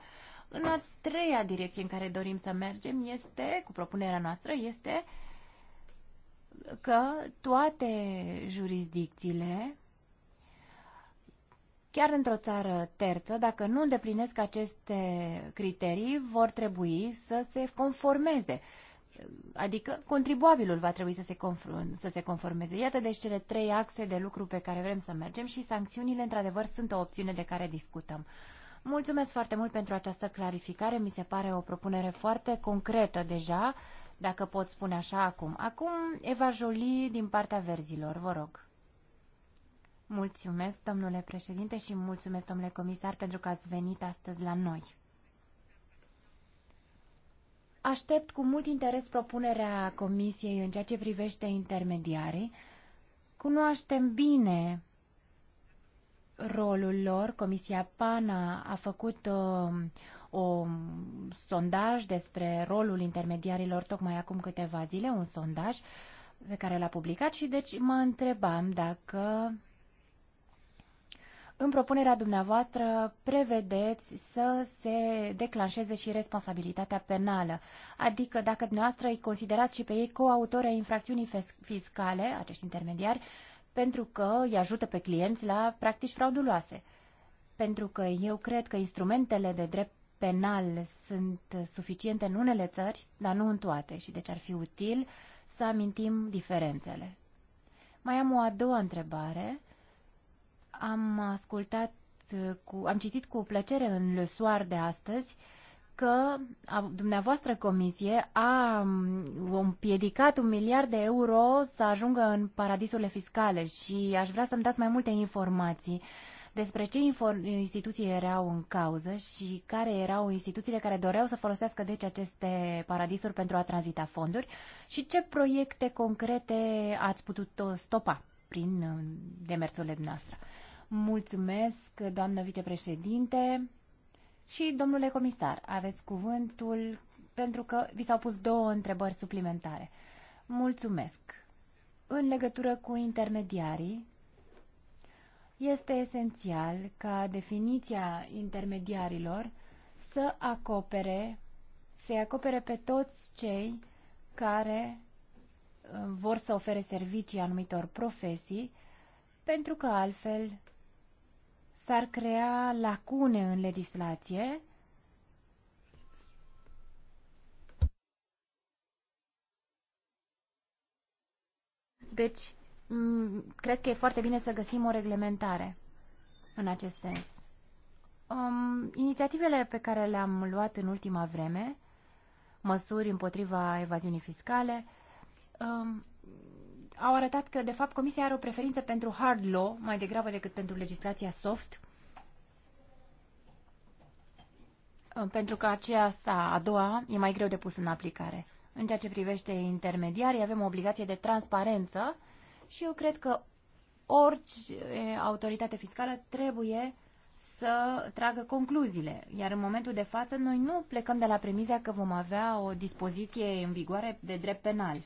În a treia direcție în care dorim să mergem este, cu propunerea noastră, este că toate jurisdicțiile Chiar într-o țară terță, dacă nu îndeplinesc aceste criterii, vor trebui să se conformeze. Adică contribuabilul va trebui să se, confrun, să se conformeze. Iată deci cele trei axe de lucru pe care vrem să mergem și sancțiunile, într-adevăr, sunt o opțiune de care discutăm. Mulțumesc foarte mult pentru această clarificare. Mi se pare o propunere foarte concretă deja, dacă pot spune așa acum. Acum, Eva Jolie din partea verzilor, vă rog. Mulțumesc, domnule președinte, și mulțumesc, domnule comisar, pentru că ați venit astăzi la noi. Aștept cu mult interes propunerea comisiei în ceea ce privește intermediarii. Cunoaștem bine rolul lor. Comisia PANA a făcut uh, un sondaj despre rolul intermediarilor tocmai acum câteva zile, un sondaj pe care l-a publicat și deci mă întrebam dacă în propunerea dumneavoastră prevedeți să se declanșeze și responsabilitatea penală, adică dacă dumneavoastră îi considerați și pe ei coautori ai infracțiunii fiscale, acești intermediari, pentru că îi ajută pe clienți la practici frauduloase. Pentru că eu cred că instrumentele de drept penal sunt suficiente în unele țări, dar nu în toate, și deci ar fi util să amintim diferențele. Mai am o a doua întrebare am ascultat, cu, am citit cu plăcere în Le Soir de astăzi că a, dumneavoastră comisie a împiedicat un miliard de euro să ajungă în paradisurile fiscale și aș vrea să-mi dați mai multe informații despre ce instituții erau în cauză și care erau instituțiile care doreau să folosească deci aceste paradisuri pentru a tranzita fonduri și ce proiecte concrete ați putut uh, stopa prin uh, demersurile noastre. Mulțumesc, doamnă vicepreședinte. Și, domnule comisar, aveți cuvântul pentru că vi s-au pus două întrebări suplimentare. Mulțumesc. În legătură cu intermediarii, este esențial ca definiția intermediarilor să acopere, să acopere pe toți cei care uh, vor să ofere servicii anumitor profesii, pentru că altfel s-ar crea lacune în legislație Deci, cred că e foarte bine să găsim o reglementare în acest sens. Um, inițiativele pe care le-am luat în ultima vreme, măsuri împotriva evaziunii fiscale, um, au arătat că, de fapt, Comisia are o preferință pentru hard law mai degrabă decât pentru legislația soft, uh, pentru că aceasta, a doua, e mai greu de pus în aplicare. În ceea ce privește intermediarii, avem o obligație de transparență și eu cred că orice autoritate fiscală trebuie să tragă concluziile. Iar în momentul de față, noi nu plecăm de la premiza că vom avea o dispoziție în vigoare de drept penal.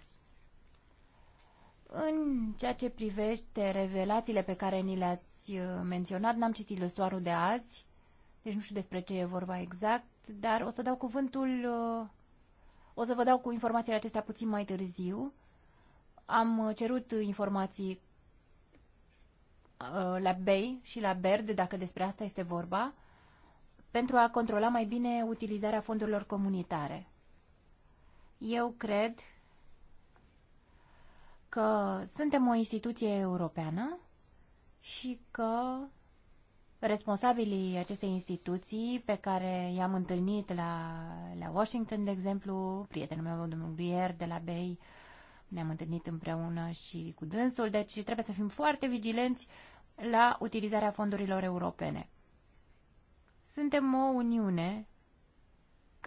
În ceea ce privește revelațiile pe care ni le-ați uh, menționat, n-am citit lăsoarul de azi, deci nu știu despre ce e vorba exact, dar o să dau cuvântul, uh, o să vă dau cu informațiile acestea puțin mai târziu. Am uh, cerut informații la Bay și la BERD, dacă despre asta este vorba, pentru a controla mai bine utilizarea fondurilor comunitare. Eu cred că suntem o instituție europeană și că responsabilii acestei instituții pe care i-am întâlnit la, la Washington, de exemplu, prietenul meu, domnul Guier de la BEI, ne-am întâlnit împreună și cu dânsul, deci trebuie să fim foarte vigilenți la utilizarea fondurilor europene. Suntem o uniune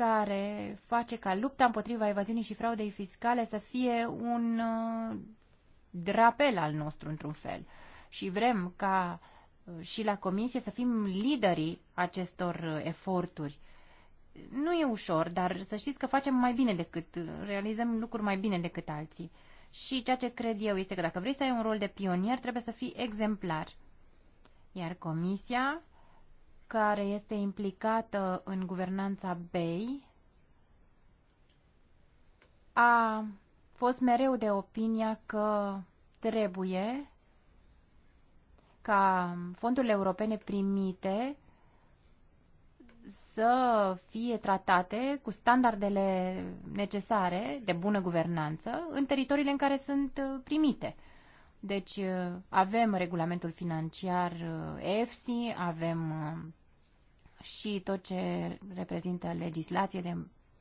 care face ca lupta împotriva evaziunii și fraudei fiscale să fie un uh, drapel al nostru, într-un fel. Și vrem ca uh, și la comisie să fim liderii acestor uh, eforturi. Nu e ușor, dar să știți că facem mai bine decât, realizăm lucruri mai bine decât alții. Și ceea ce cred eu este că dacă vrei să ai un rol de pionier, trebuie să fii exemplar. Iar comisia care este implicată în guvernanța BEI a fost mereu de opinia că trebuie ca fondurile europene primite să fie tratate cu standardele necesare de bună guvernanță în teritoriile în care sunt primite. Deci avem regulamentul financiar eh, EFSI, avem eh, și tot ce reprezintă legislație de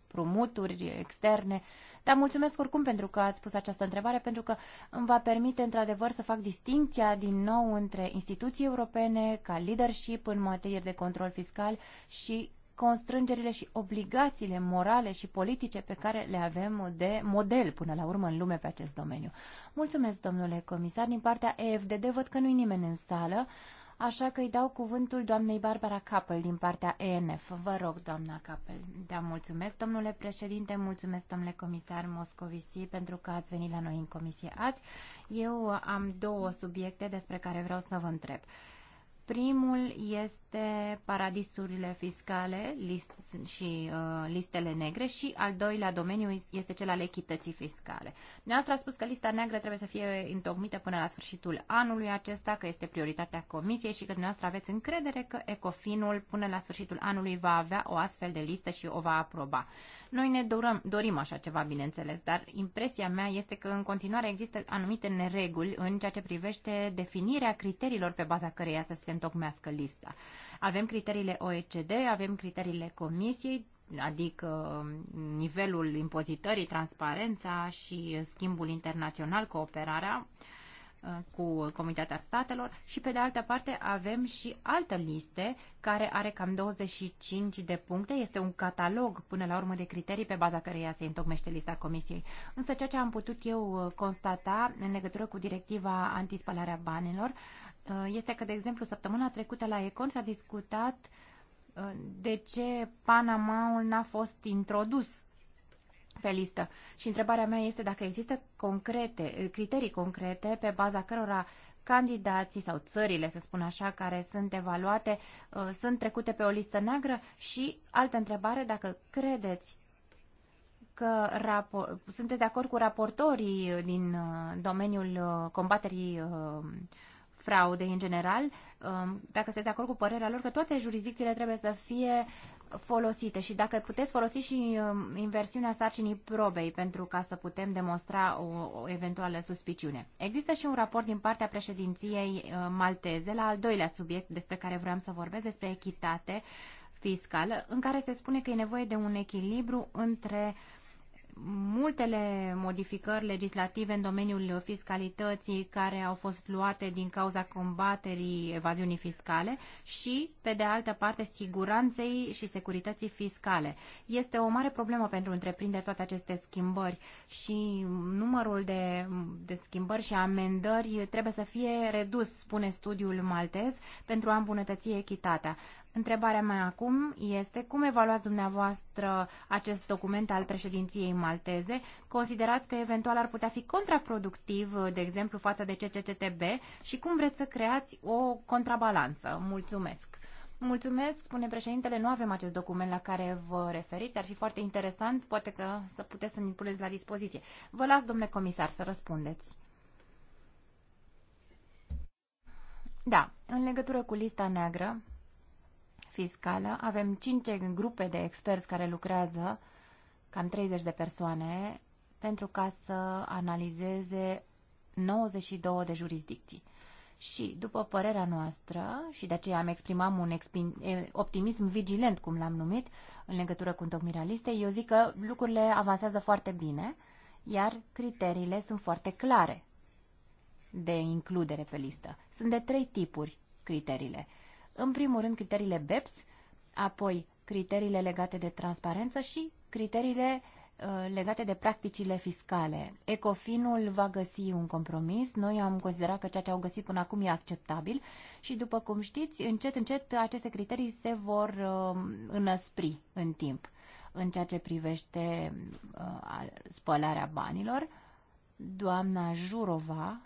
promuturi externe. Dar mulțumesc oricum pentru că ați pus această întrebare, pentru că îmi va permite într-adevăr să fac distinția din nou între instituții europene ca leadership în materie de control fiscal și constrângerile și obligațiile morale și politice pe care le avem de model până la urmă în lume pe acest domeniu. Mulțumesc, domnule comisar. Din partea EFDD văd că nu-i nimeni în sală, așa că îi dau cuvântul doamnei Barbara Capel din partea ENF. Vă rog, doamna Capel. Da, mulțumesc, domnule președinte, mulțumesc, domnule comisar Moscovici, pentru că ați venit la noi în comisie azi. Eu am două subiecte despre care vreau să vă întreb. Uh, Primul este paradisurile fiscale list și uh, listele negre și al doilea domeniu este cel al echității fiscale. Dumneavoastră a spus că lista neagră trebuie să fie întocmită până la sfârșitul anului acesta, că este prioritatea comisiei și că dumneavoastră aveți încredere că Ecofinul până la sfârșitul anului va avea o astfel de listă și o va aproba. Noi ne dorăm, dorim așa ceva, bineînțeles, dar impresia mea este că în continuare există anumite nereguli în ceea ce privește definirea criteriilor pe baza căreia să se întocmească lista. Avem criteriile OECD, avem criteriile Comisiei, adică um, nivelul impozitării, transparența și schimbul internațional, cooperarea uh, cu Comunitatea Statelor și pe de altă parte avem și altă liste care are cam 25 de puncte. Este un catalog până la urmă de criterii pe baza căreia se întocmește lista Comisiei. Însă ceea ce am putut eu uh, constata în legătură cu directiva antispălarea banilor Uh, este că, de exemplu, săptămâna trecută la Econ s-a discutat uh, de ce Panamaul n-a fost introdus pe listă. Și întrebarea mea este dacă există concrete, uh, criterii concrete pe baza cărora candidații sau țările, să spun așa, care sunt evaluate, sunt trecute pe o listă neagră și altă întrebare, dacă credeți că rapor... sunteți de acord cu raportorii din domeniul combaterii fraude în general, um, dacă sunteți de acord cu părerea lor că toate jurisdicțiile trebuie să fie folosite și dacă puteți folosi și um, inversiunea sarcinii probei pentru ca să putem demonstra o, o eventuală suspiciune. Există și un raport din partea președinției uh, malteze la al doilea subiect despre care vreau să vorbesc, despre echitate fiscală, în care se spune că e nevoie de un echilibru între uh, multele modificări legislative în domeniul fiscalității care au fost luate din cauza combaterii evaziunii fiscale și, pe de altă parte, siguranței și securității fiscale. Este o mare problemă pentru întreprinderi toate aceste schimbări și numărul de, de schimbări și amendări trebuie să fie redus, spune studiul maltez, pentru a îmbunătăți echitatea. Întrebarea mea acum este cum evaluați dumneavoastră acest document al președinției malteze? Considerați că eventual ar putea fi contraproductiv, de exemplu, față de CCCTB și cum vreți să creați o contrabalanță? Mulțumesc! Mulțumesc, spune președintele, nu avem acest document la care vă referiți, ar fi foarte interesant, poate că să puteți să mi puneți la dispoziție. Vă las, domnule comisar, să răspundeți. Da, în legătură cu lista neagră, fiscală. Avem cinci grupe de experți care lucrează, cam 30 de persoane, pentru ca să analizeze 92 de jurisdicții. Și, după părerea noastră, și de aceea am exprimat un optimism vigilent, cum l-am numit, în legătură cu întocmirea listei, eu zic că lucrurile avansează foarte bine, iar criteriile sunt foarte clare de includere pe listă. Sunt de trei tipuri criteriile. În primul rând, criteriile BEPS, apoi criteriile legate de transparență și criteriile uh, legate de practicile fiscale. Ecofinul va găsi un compromis. Noi am considerat că ceea ce au găsit până acum e acceptabil și, după cum știți, încet, încet aceste criterii se vor uh, înăspri în timp în ceea ce privește uh, spălarea banilor. Doamna Jurova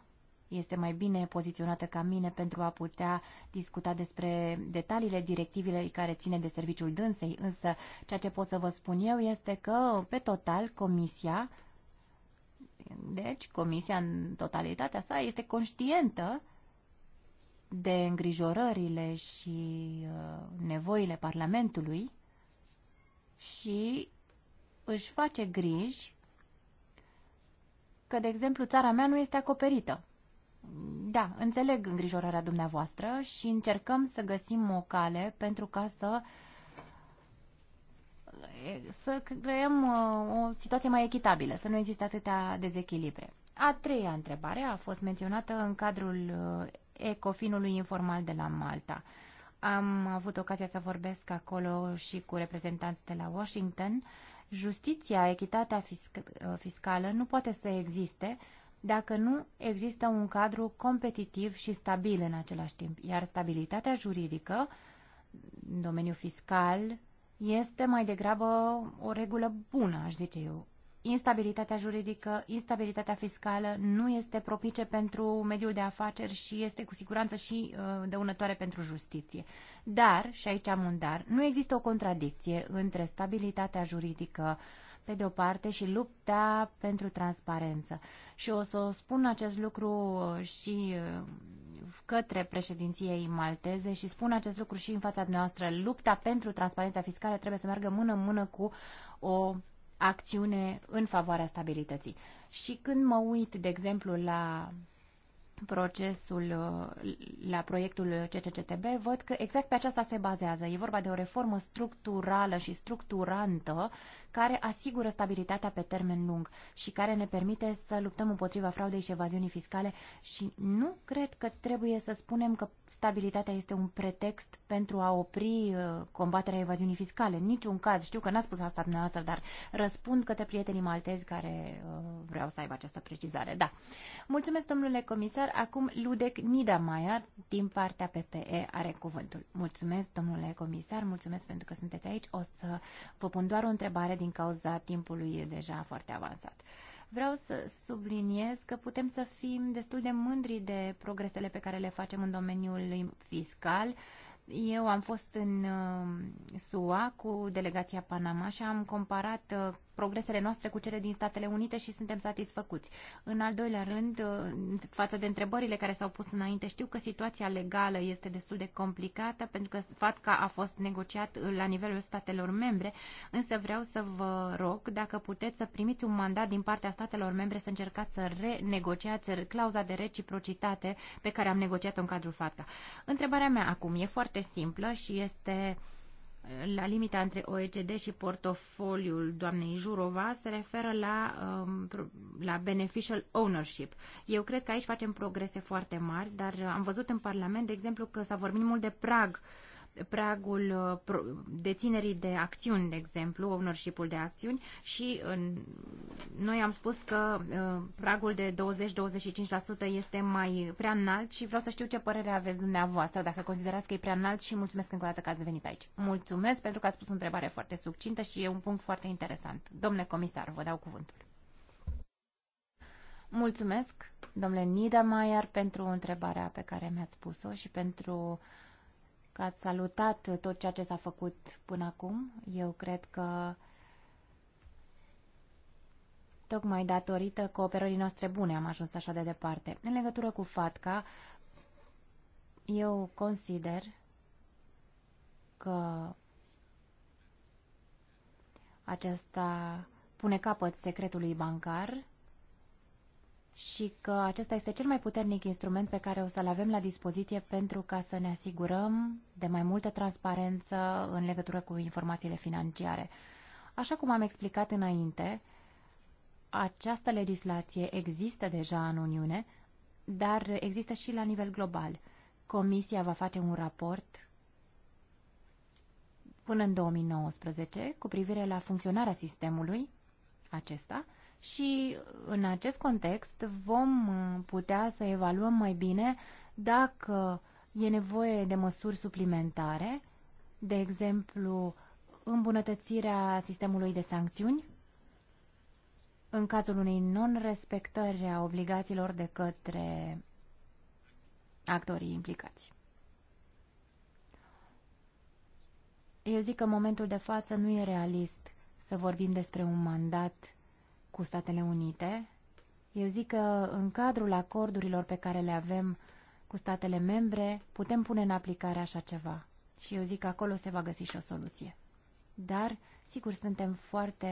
este mai bine poziționată ca mine pentru a putea discuta despre detaliile directivele care ține de serviciul dânsei, însă ceea ce pot să vă spun eu este că, pe total, Comisia, deci Comisia în totalitatea sa, este conștientă de îngrijorările și uh, nevoile Parlamentului și își face griji că, de exemplu, țara mea nu este acoperită. Da, înțeleg îngrijorarea dumneavoastră și încercăm să găsim o cale pentru ca să să creăm uh, o situație mai echitabilă, să nu existe atâtea dezechilibre. A treia întrebare a fost menționată în cadrul uh, Ecofinului informal de la Malta. Am avut ocazia să vorbesc acolo și cu reprezentanți de la Washington. Justiția, echitatea fisc- uh, fiscală nu poate să existe dacă nu există un cadru competitiv și stabil în același timp. Iar stabilitatea juridică în domeniul fiscal este mai degrabă o regulă bună, aș zice eu. Instabilitatea juridică, instabilitatea fiscală nu este propice pentru mediul de afaceri și este cu siguranță și uh, dăunătoare pentru justiție. Dar, și aici am un dar, nu există o contradicție între stabilitatea juridică uh, pe de o parte, și lupta pentru transparență. Și o să spun acest lucru uh, și uh, către președinției malteze și spun acest lucru și în fața noastră. Lupta pentru transparența fiscală trebuie să meargă mână-mână cu o acțiune în favoarea stabilității. Și când mă uit, de exemplu, la procesul, uh, la proiectul CCCTB, văd că exact pe aceasta se bazează. E vorba de o reformă structurală și structurantă care asigură stabilitatea pe termen lung și care ne permite să luptăm împotriva fraudei și evaziunii fiscale și nu cred că trebuie să spunem că stabilitatea este un pretext pentru a opri uh, combaterea evaziunii fiscale. Niciun caz. Știu că n a spus asta dumneavoastră, dar răspund către prietenii maltezi care uh, vreau să aibă această precizare. Da. Mulțumesc, domnule comisar. Acum Ludec Nidamaia din partea PPE are cuvântul. Mulțumesc, domnule comisar, mulțumesc pentru că sunteți aici. O să vă pun doar o întrebare din din cauza timpului e deja foarte avansat. Vreau să subliniez că putem să fim destul de mândri de progresele pe care le facem în domeniul fiscal. Eu am fost în uh, SUA cu delegația Panama și am comparat uh, progresele noastre cu cele din Statele Unite și suntem satisfăcuți. În al doilea rând, uh, față de întrebările care s-au pus înainte, știu că situația legală este destul de complicată pentru că FATCA a fost negociat uh, la nivelul statelor membre, însă vreau să vă rog dacă puteți să primiți un mandat din partea statelor membre să încercați să renegociați clauza de reciprocitate pe care am negociat-o în cadrul FATCA. Întrebarea mea acum e foarte simplă și este la limita între OECD și portofoliul doamnei Jurova se referă la, um, la beneficial ownership. Eu cred că aici facem progrese foarte mari, dar am văzut în Parlament, de exemplu, că s-a vorbit mult de prag uh, pragul uh, deținerii de acțiuni, de exemplu, ownership-ul de acțiuni și noi am spus că uh, pragul de 20-25% este mai prea înalt și vreau să știu ce părere aveți dumneavoastră, dacă considerați că e prea înalt și mulțumesc încă o dată că ați venit aici. Mulțumesc pentru că ați spus o întrebare foarte succintă și e un punct foarte interesant. Domnule comisar, vă dau cuvântul. Mulțumesc, domnule Nida Maier, pentru întrebarea pe care mi-ați spus o și pentru uh, că ați salutat tot ceea ce s-a făcut până acum. Eu cred că tocmai datorită cooperării noastre bune am ajuns așa de departe. În legătură cu FATCA, eu consider că acesta pune capăt secretului bancar și că acesta este cel mai puternic instrument pe care o să-l avem la dispoziție pentru ca să ne asigurăm de mai multă transparență în legătură cu informațiile financiare. Așa cum am explicat înainte, această legislație există deja în Uniune, dar există și la nivel global. Comisia va face un raport până în 2019 cu privire la funcționarea sistemului acesta și în acest context vom uh, putea să evaluăm mai bine dacă e nevoie de măsuri suplimentare, de exemplu îmbunătățirea sistemului de sancțiuni în cazul unei non-respectări a obligațiilor de către actorii implicați. Eu zic că în momentul de față nu e realist să vorbim despre un mandat cu Statele Unite. Eu zic că în cadrul acordurilor pe care le avem cu statele membre putem pune în aplicare așa ceva. Și eu zic că acolo se va găsi și o soluție. Dar, sigur, suntem foarte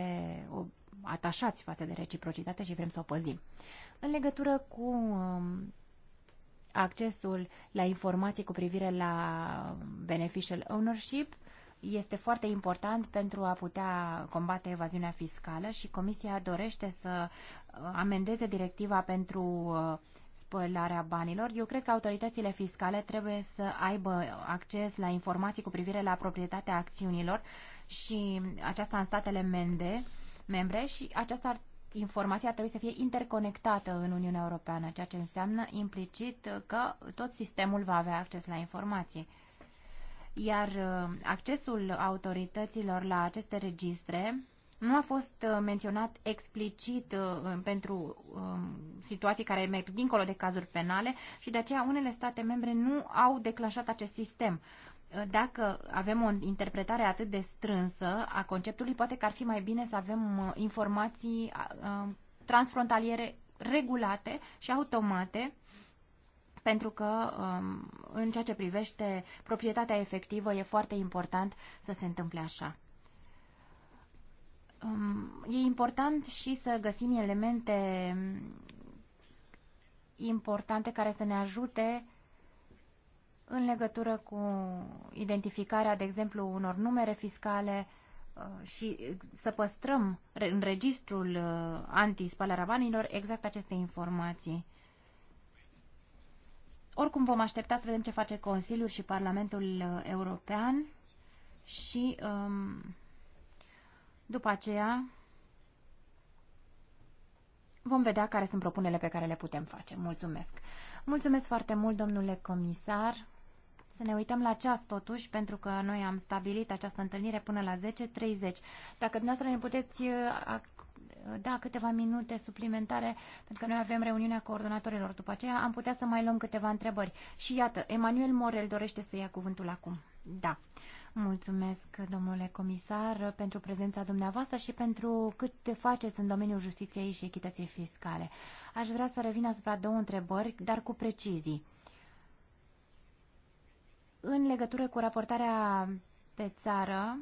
atașați față de reciprocitate și vrem să o păzim. În legătură cu um, accesul la informații cu privire la beneficial ownership, uh, este foarte important pentru a putea combate evaziunea fiscală și Comisia dorește să amendeze directiva pentru uh, spălarea banilor. Eu cred că autoritățile fiscale trebuie să aibă acces la informații cu privire la proprietatea acțiunilor și aceasta în statele mende, membre și aceasta informația ar trebui să fie interconectată în Uniunea Europeană, ceea ce înseamnă implicit că tot sistemul va avea acces la informații iar uh, accesul autorităților la aceste registre nu a fost uh, menționat explicit uh, pentru um, situații care merg dincolo de cazuri penale și de aceea unele state membre nu au declanșat acest sistem. Dacă avem o interpretare atât de strânsă a conceptului, poate că ar fi mai bine să avem informații transfrontaliere regulate și automate pentru că um, în ceea ce privește proprietatea efectivă e foarte important să se întâmple așa. Um, e important și să găsim elemente um, importante care să ne ajute în legătură cu identificarea, de exemplu, unor numere fiscale uh, și să păstrăm în registrul uh, anti exact aceste informații. Oricum vom aștepta să vedem ce face Consiliul și Parlamentul uh, European și um, după aceea vom vedea care sunt propunele pe care le putem face. Mulțumesc! Mulțumesc foarte mult, domnule comisar! Să ne uităm la ceas, totuși, pentru că noi am stabilit această întâlnire până la 10.30. Dacă dumneavoastră ne puteți uh, da câteva minute suplimentare, pentru că noi avem reuniunea coordonatorilor. După aceea am putea să mai luăm câteva întrebări. Și iată, Emanuel Morel dorește să ia cuvântul acum. Da. Mulțumesc, domnule comisar, pentru prezența dumneavoastră și pentru cât te faceți în domeniul justiției și echității fiscale. Aș vrea să revin asupra două întrebări, dar cu precizii. În legătură cu raportarea pe țară,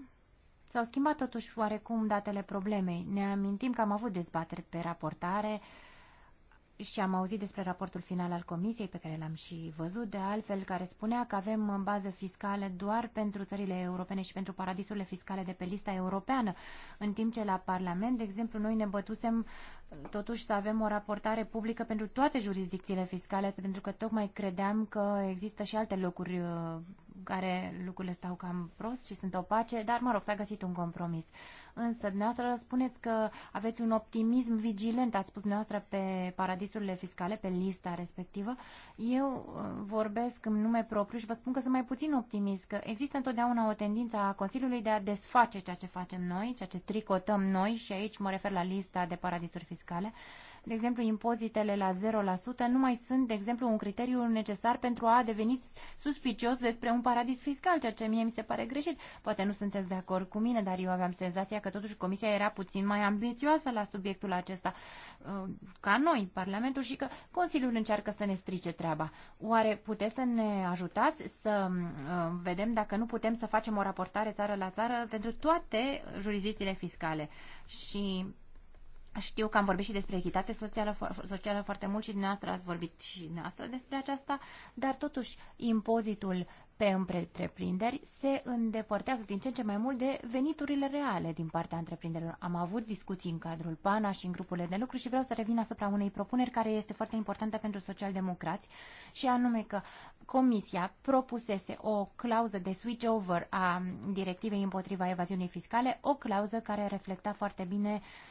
S-au schimbat totuși oarecum datele problemei. Ne amintim că am avut dezbateri pe raportare, și am auzit despre raportul final al Comisiei, pe care l-am și văzut de altfel, care spunea că avem bază fiscală doar pentru țările europene și pentru paradisurile fiscale de pe lista europeană, în timp ce la Parlament, de exemplu, noi ne bătusem totuși să avem o raportare publică pentru toate jurisdicțiile fiscale, pentru că tocmai credeam că există și alte locuri uh, care lucrurile stau cam prost și sunt opace, dar mă rog, s-a găsit un compromis. Însă, dumneavoastră spuneți că aveți un optimism vigilent, ați spus dumneavoastră, pe paradisurile fiscale, pe lista respectivă. Eu uh, vorbesc în nume propriu și vă spun că sunt mai puțin optimist, că există întotdeauna o tendință a Consiliului de a desface ceea ce facem noi, ceea ce tricotăm noi și aici mă refer la lista de paradisuri fiscale de exemplu, impozitele la 0% nu mai sunt, de exemplu, un criteriu necesar pentru a deveni suspicios despre un paradis fiscal, ceea ce mie mi se pare greșit. Poate nu sunteți de acord cu mine, dar eu aveam senzația că totuși Comisia era puțin mai ambițioasă la subiectul acesta uh, ca noi, Parlamentul, și că Consiliul încearcă să ne strice treaba. Oare puteți să ne ajutați să uh, vedem dacă nu putem să facem o raportare țară la țară pentru toate jurisdicțiile fiscale? Și știu că am vorbit și despre echitate socială, socială foarte mult și dumneavoastră ați vorbit și dumneavoastră despre aceasta, dar totuși impozitul pe întreprinderi se îndepărtează din ce în ce mai mult de veniturile reale din partea întreprinderilor. Am avut discuții în cadrul PANA și în grupurile de lucru și vreau să revin asupra unei propuneri care este foarte importantă pentru socialdemocrați și anume că Comisia propusese o clauză de switch-over a directivei împotriva evaziunii fiscale, o clauză care reflecta foarte bine uh,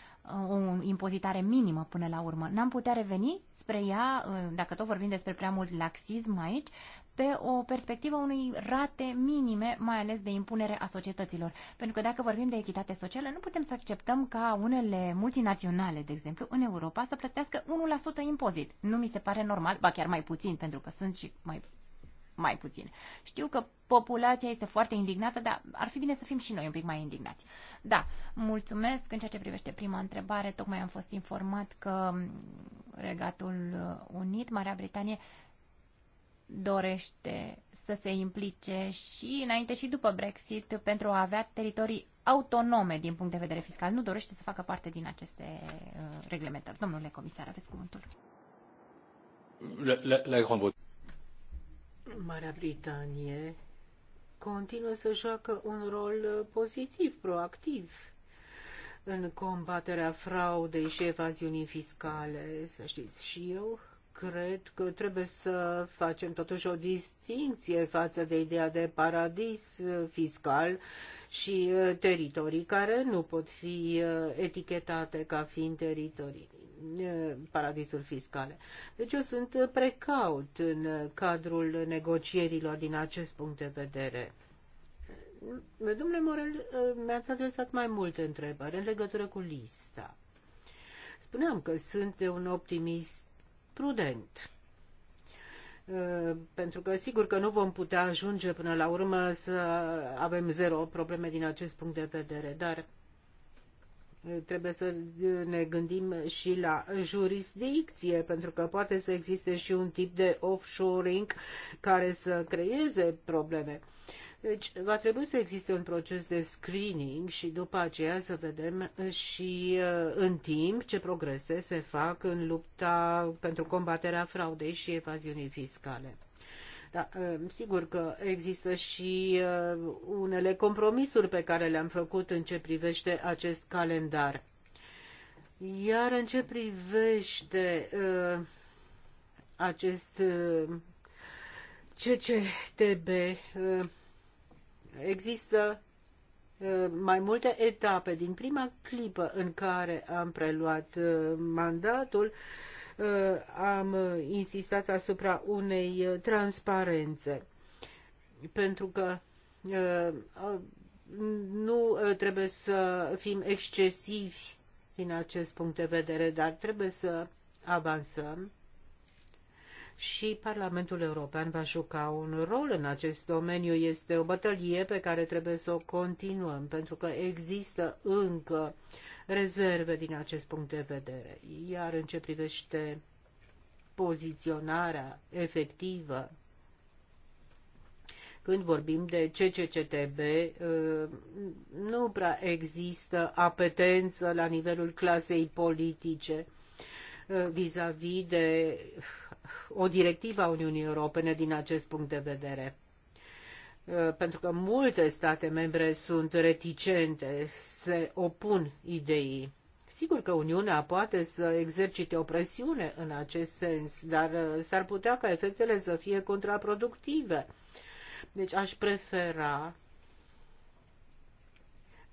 o impozitare minimă până la urmă. N-am putea reveni spre ea, uh, dacă tot vorbim despre prea mult laxism aici, pe o perspectivă unui rate minime, mai ales de impunere a societăților. Pentru că dacă vorbim de echitate socială, nu putem să acceptăm ca unele multinaționale, de exemplu, în Europa, să plătească 1% impozit. Nu mi se pare normal, ba chiar mai puțin, pentru că sunt și mai mai puțin. Știu că populația este foarte indignată, dar ar fi bine să fim și noi un pic mai indignați. Da, mulțumesc. În ceea ce privește prima întrebare, tocmai am fost informat că Regatul Unit, Marea Britanie, dorește să se implice și înainte și după Brexit pentru a avea teritorii autonome din punct de vedere fiscal. Nu dorește să facă parte din aceste uh, reglementări. Domnule comisar, aveți cuvântul. La, la, la Marea Britanie continuă să joacă un rol uh, pozitiv, proactiv în combaterea fraudei și evaziunii fiscale, să știți și eu. Cred că trebuie să facem totuși o distinție față de ideea de paradis uh, fiscal și uh, teritorii care nu pot fi etichetate ca fiind teritorii paradisuri fiscale. Deci eu sunt precaut în cadrul negocierilor din acest punct de vedere. Domnule Morel, mi-ați adresat mai multe întrebări în legătură cu lista. Spuneam că sunt de un optimist prudent pentru că sigur că nu vom putea ajunge până la urmă să avem zero probleme din acest punct de vedere, dar trebuie să ne gândim și la jurisdicție, pentru că poate să existe și un tip de offshoring care să creeze probleme. Deci va trebui să existe un proces de screening și după aceea să vedem și uh, în timp ce progrese se fac în lupta pentru combaterea fraudei și evaziunii fiscale. Da, ehm, sigur că există și ehm, unele compromisuri pe care le-am făcut în ce privește acest calendar. Iar în ce privește ehm, acest CCTB, există mai multe etape. Din prima clipă în care am preluat mandatul, Uh, am insistat asupra unei uh, transparențe, pentru că uh, nu trebuie să fim excesivi din acest punct de vedere, dar trebuie să avansăm și Parlamentul European va juca un rol în acest domeniu. Este o bătălie pe care trebuie să o continuăm, pentru că există încă uh, rezerve din acest punct de vedere. Iar în ce privește poziționarea efectivă când vorbim de CCCTB, uh, nu prea există apetență la nivelul clasei politice uh, vis-a-vis -vis de o directivă a Uniunii Europene din acest punct de vedere. Uh, pentru că multe state membre sunt reticente, se opun ideii. Sigur că Uniunea poate să exercite o presiune în acest sens, dar uh, s-ar putea ca efectele să fie contraproductive. Deci aș prefera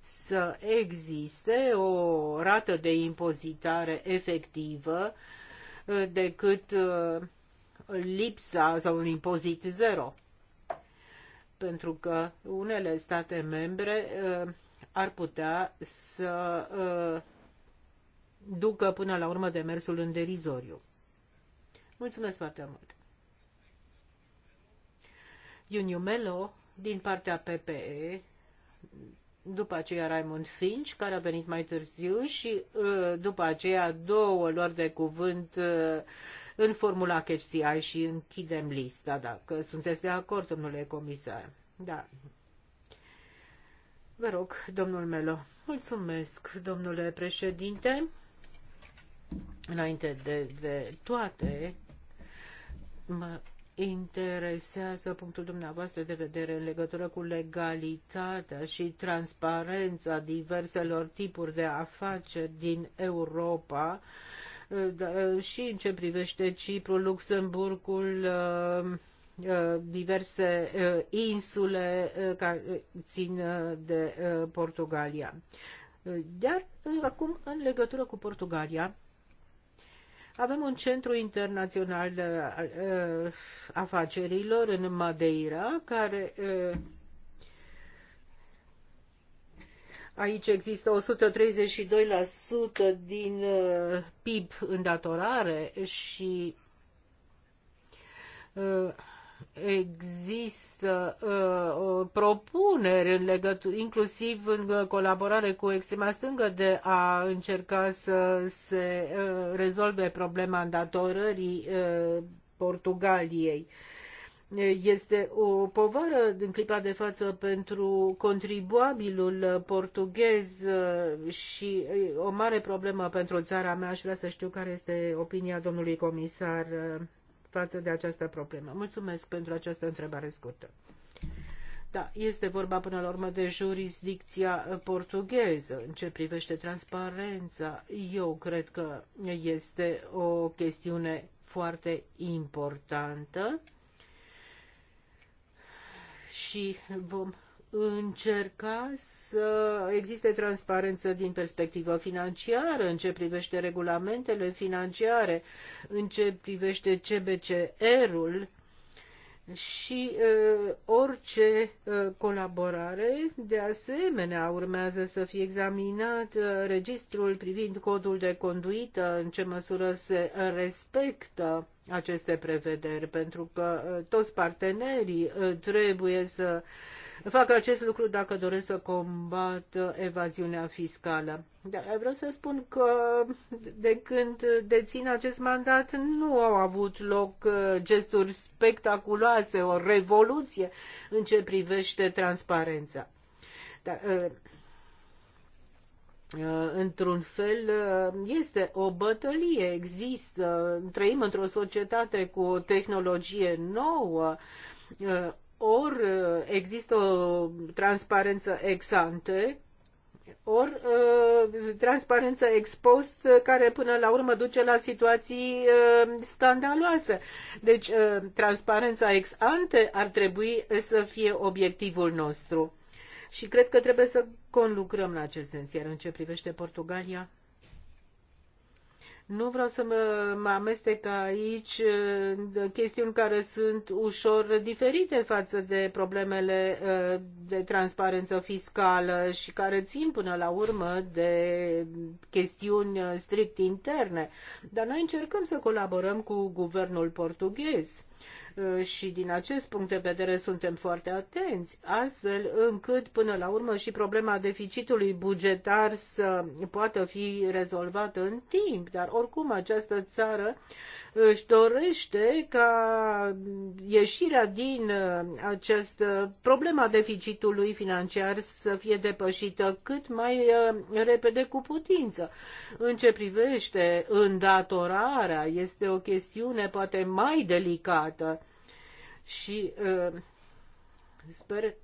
să existe o rată de impozitare efectivă uh, decât lipsa sau un impozit zero pentru că unele state membre uh, ar putea să uh, ducă până la urmă demersul în derizoriu. Mulțumesc foarte mult! Iuniu Melo din partea PPE, după aceea Raymond Finch, care a venit mai târziu și uh, după aceea două lor de cuvânt în formula ai și închidem lista, dacă sunteți de acord, domnule comisar. Da. Vă rog, domnul Melo. Mulțumesc, domnule președinte. Înainte de, de toate, mă interesează punctul dumneavoastră de vedere în legătură cu legalitatea și transparența diverselor tipuri de afaceri din Europa și în ce privește Cipru, Luxemburgul, uh, uh, diverse uh, insule care țin de Portugalia. Dar acum, în legătură cu Portugalia, avem un centru internațional de afacerilor în Madeira, care Aici există 132% din uh, PIB datorare și uh, există uh, propuneri în legătură, inclusiv în colaborare cu extrema stângă de a încerca să se rezolve problema îndatorării Portugaliei este o povară în clipa de față pentru contribuabilul portughez uh, și uh, o mare problemă pentru țara mea. Aș vrea să știu care este opinia domnului comisar uh, față de această problemă. Mulțumesc pentru această întrebare scurtă. Da, este vorba până la urmă de jurisdicția portugheză. În ce privește transparența, eu cred că este o chestiune foarte importantă și vom încerca să existe transparență din perspectivă financiară în ce privește regulamentele financiare, în ce privește CBCR-ul și uh, orice uh, colaborare. De asemenea, urmează să fie examinat uh, registrul privind codul de conduită, în ce măsură se respectă aceste prevederi, pentru că uh, toți partenerii uh, trebuie să facă acest lucru dacă doresc să combată evaziunea fiscală. Dar vreau să spun că de când dețin acest mandat nu au avut loc uh, gesturi spectaculoase, o revoluție în ce privește transparența. Dar, Uh, într-un fel, uh, este o bătălie, există, trăim într-o societate cu o tehnologie nouă, uh, ori există o transparență ex ante, ori transparență expost care până la urmă duce la situații scandaloase. Deci, transparența ex ante ar trebui să fie obiectivul nostru și cred că trebuie să conlucrăm la acest sens. Iar în ce privește Portugalia, nu vreau să mă, mă amestec aici chestiuni care sunt ușor diferite față de problemele ă, de transparență fiscală și care țin până la urmă de chestiuni ă, strict interne. Dar noi încercăm să colaborăm cu guvernul portughez Uh, și din acest punct de vedere suntem foarte atenți, astfel încât până la urmă și problema deficitului bugetar să poată fi rezolvată în timp. Dar oricum această țară își dorește ca ieșirea din uh, această uh, problema deficitului financiar să fie depășită cât mai uh, repede cu putință. În ce privește îndatorarea, este o chestiune poate mai delicată și sper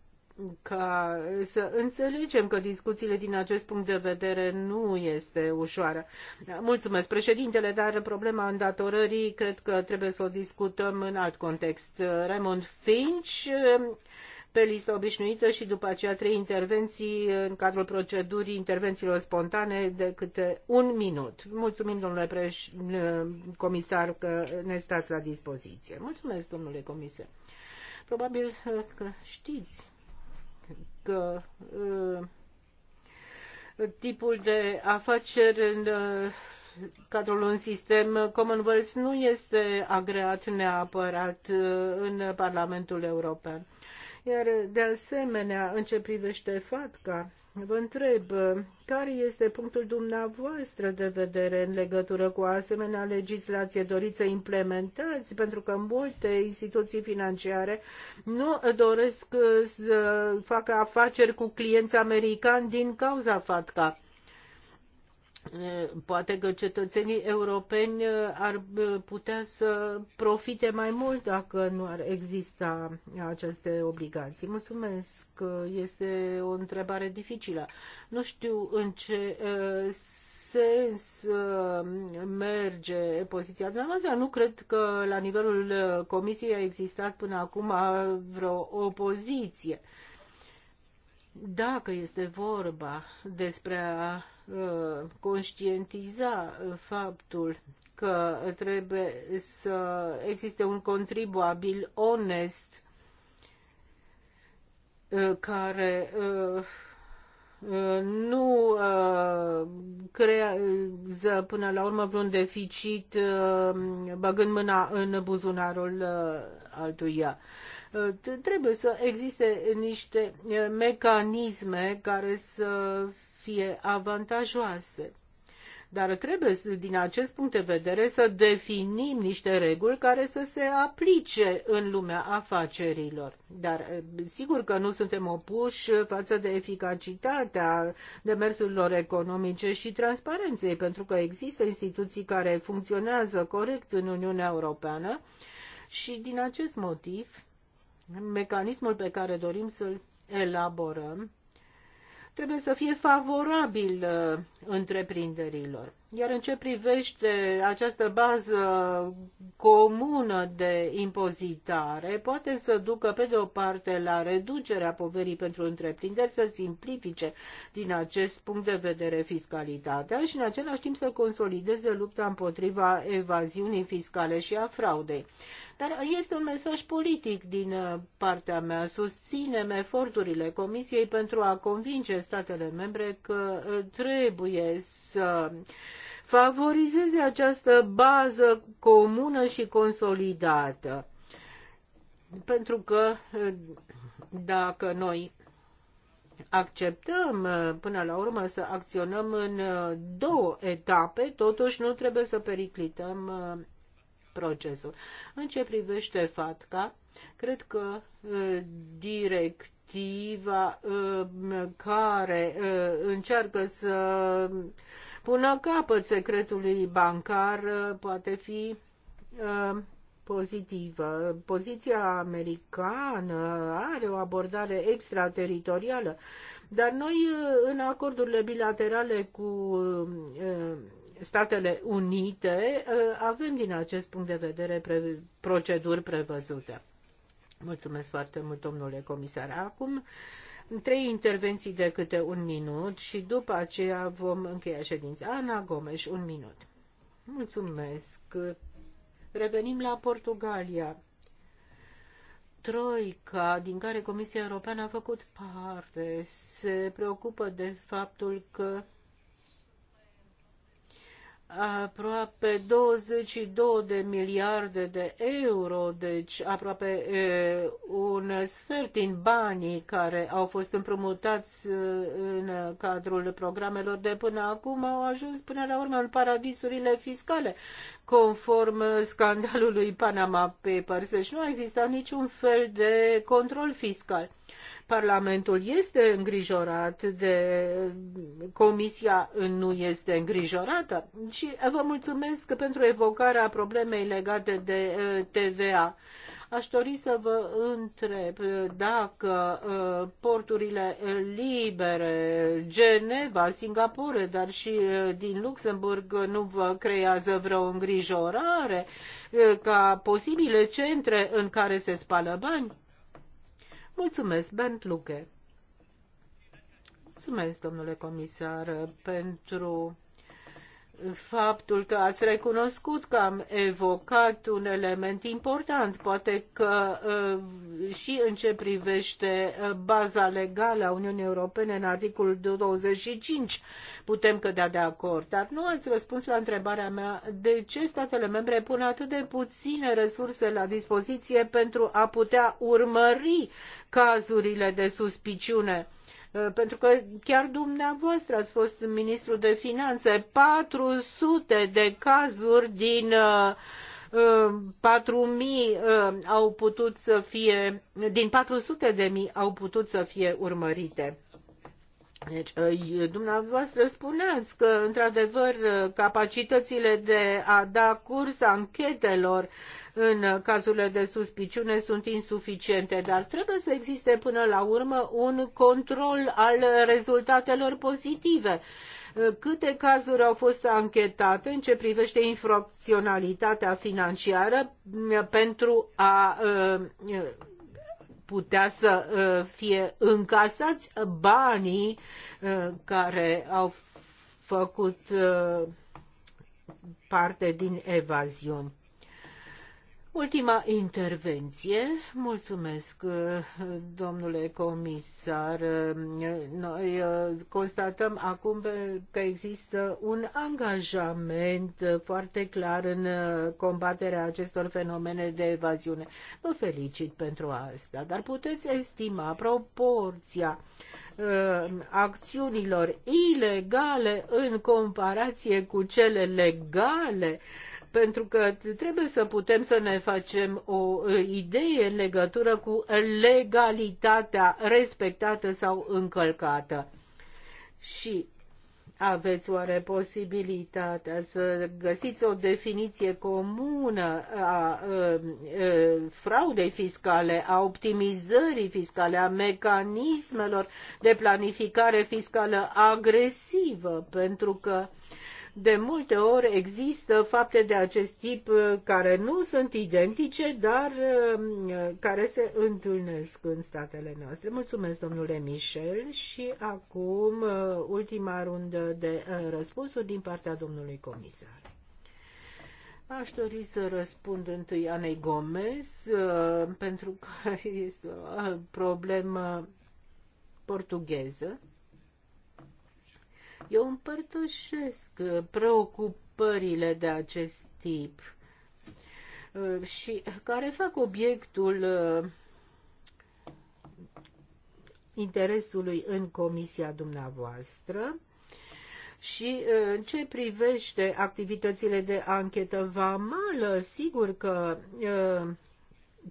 ca să înțelegem că discuțiile din acest punct de vedere nu este ușoară. Mulțumesc, președintele, dar problema îndatorării cred că trebuie să o discutăm în alt context. Raymond Finch pe listă obișnuită și după aceea trei intervenții în cadrul procedurii intervențiilor spontane de câte un minut. Mulțumim, domnule preș- comisar, că ne stați la dispoziție. Mulțumesc, domnule comisar. Probabil că știți că uh, tipul de afaceri în uh, cadrul unui sistem Commonwealth nu este agreat neapărat uh, în Parlamentul European. Iar, de asemenea, în ce privește FATCA, Vă întreb, care este punctul dumneavoastră de vedere în legătură cu asemenea legislație? Doriți să implementați? Pentru că multe instituții financiare nu doresc să facă afaceri cu clienți americani din cauza FATCA. Eh, poate că cetățenii europeni eh, ar eh, putea să profite mai mult dacă nu ar exista aceste obligații. Mulțumesc, este o întrebare dificilă. Nu știu în ce sens merge poziția dumneavoastră. Nu cred că la nivelul Comisiei a existat până acum vreo opoziție. Dacă este vorba despre a Uh, conștientiza uh, faptul că trebuie să existe un contribuabil onest uh, care nu creează până la urmă vreun deficit băgând mâna în buzunarul altuia. Trebuie să existe niște mecanisme care să fie avantajoase. Dar trebuie, din acest punct de vedere, să definim niște reguli care să se aplice în lumea afacerilor. Dar eh, sigur că nu suntem opuși față de eficacitatea demersurilor economice și transparenței, pentru că există instituții care funcționează corect în Uniunea Europeană și din acest motiv mecanismul pe care dorim să-l elaborăm trebuie să fie favorabil uh, întreprinderilor. Iar în ce privește această bază comună de impozitare, poate să ducă pe de o parte la reducerea poverii pentru întreprinderi, să simplifice din acest punct de vedere fiscalitatea și în același timp să consolideze lupta împotriva evaziunii fiscale și a fraudei. Dar este un mesaj politic din uh, partea mea. Susținem eforturile Comisiei pentru a convinge statele membre că uh, trebuie să favorizeze această bază comună și consolidată. Pentru că uh, dacă noi acceptăm până la urmă să acționăm în două etape, totuși nu trebuie să periclităm procesul. În ce privește FATCA, cred că uh, directiva uh, care uh, încearcă să pună capăt secretului bancar poate fi pozitivă. Poziția americană are o abordare extrateritorială, dar noi în acordurile bilaterale cu Statele Unite, uh, avem din acest punct de vedere pre proceduri prevăzute. Mulțumesc foarte mult, domnule comisar. Acum, trei intervenții de câte un minut și după aceea vom încheia ședința. Ana Gomes, un minut. Mulțumesc. Revenim la Portugalia. Troica, din care Comisia Europeană a făcut parte, se preocupă de faptul că aproape 22 de miliarde de euro, deci aproape e, un sfert din banii care au fost împrumutați în cadrul programelor de până acum au ajuns până la urmă în paradisurile fiscale, conform scandalului Panama Papers. Deci nu a existat niciun fel de control fiscal. Parlamentul este îngrijorat de Comisia nu este îngrijorată și vă mulțumesc pentru evocarea problemei legate de uh, TVA. Aș dori să vă întreb dacă uh, porturile uh, libere, Geneva, Singapore, dar și din Luxemburg nu vă creează vreo îngrijorare ca posibile centre în care se spală bani? Mulțumesc, Bernd Luke. Mulțumesc, domnule comisar, pentru faptul că ați recunoscut că am evocat un element important, poate că uh, și în ce privește uh, baza legală a Uniunii Europene în articolul 25 putem cădea de acord, dar nu ați răspuns la întrebarea mea de ce statele membre pun atât de puține resurse la dispoziție pentru a putea urmări cazurile de suspiciune Uh, pentru că chiar dumneavoastră ați fost ministru de finanțe, 400 de cazuri din 4000 uh, uh, au putut să fie, din 400 de mii au putut să fie urmărite. Deci, ă, dumneavoastră spuneați că, într-adevăr, ă, capacitățile de a da curs anchetelor în cazurile de suspiciune sunt insuficiente, dar trebuie să existe până la urmă un control al rezultatelor pozitive. Ă, câte cazuri au fost anchetate în ce privește infracționalitatea financiară pentru a putea să uh, fie încasați banii uh, care au făcut uh, parte din evaziuni. Ultima intervenție. Mulțumesc, domnule comisar. Noi uh, constatăm acum că există un angajament foarte clar în combaterea acestor fenomene de evaziune. Vă felicit pentru asta, dar puteți estima proporția uh, acțiunilor ilegale în comparație cu cele legale pentru că trebuie să putem să ne facem o uh, idee în legătură cu legalitatea respectată sau încălcată. Și aveți oare posibilitatea să găsiți o definiție comună a, a, uh, a uh, fraudei fiscale, a optimizării fiscale, a mecanismelor de planificare fiscală agresivă, pentru că uh, de multe ori există fapte de acest tip uh, care nu sunt identice, dar uh, care se întâlnesc în statele noastre. Mulțumesc, domnule Michel, și acum uh, ultima rundă de răspunsuri din partea domnului comisar. Aș dori să răspund întâi Anei Gomez, pentru că <laughs> este o problemă portugheză. Eu împărtășesc uh, preocupările de acest tip uh, și care fac obiectul uh, interesului în comisia dumneavoastră și în ce privește activitățile de anchetă vamală, sigur că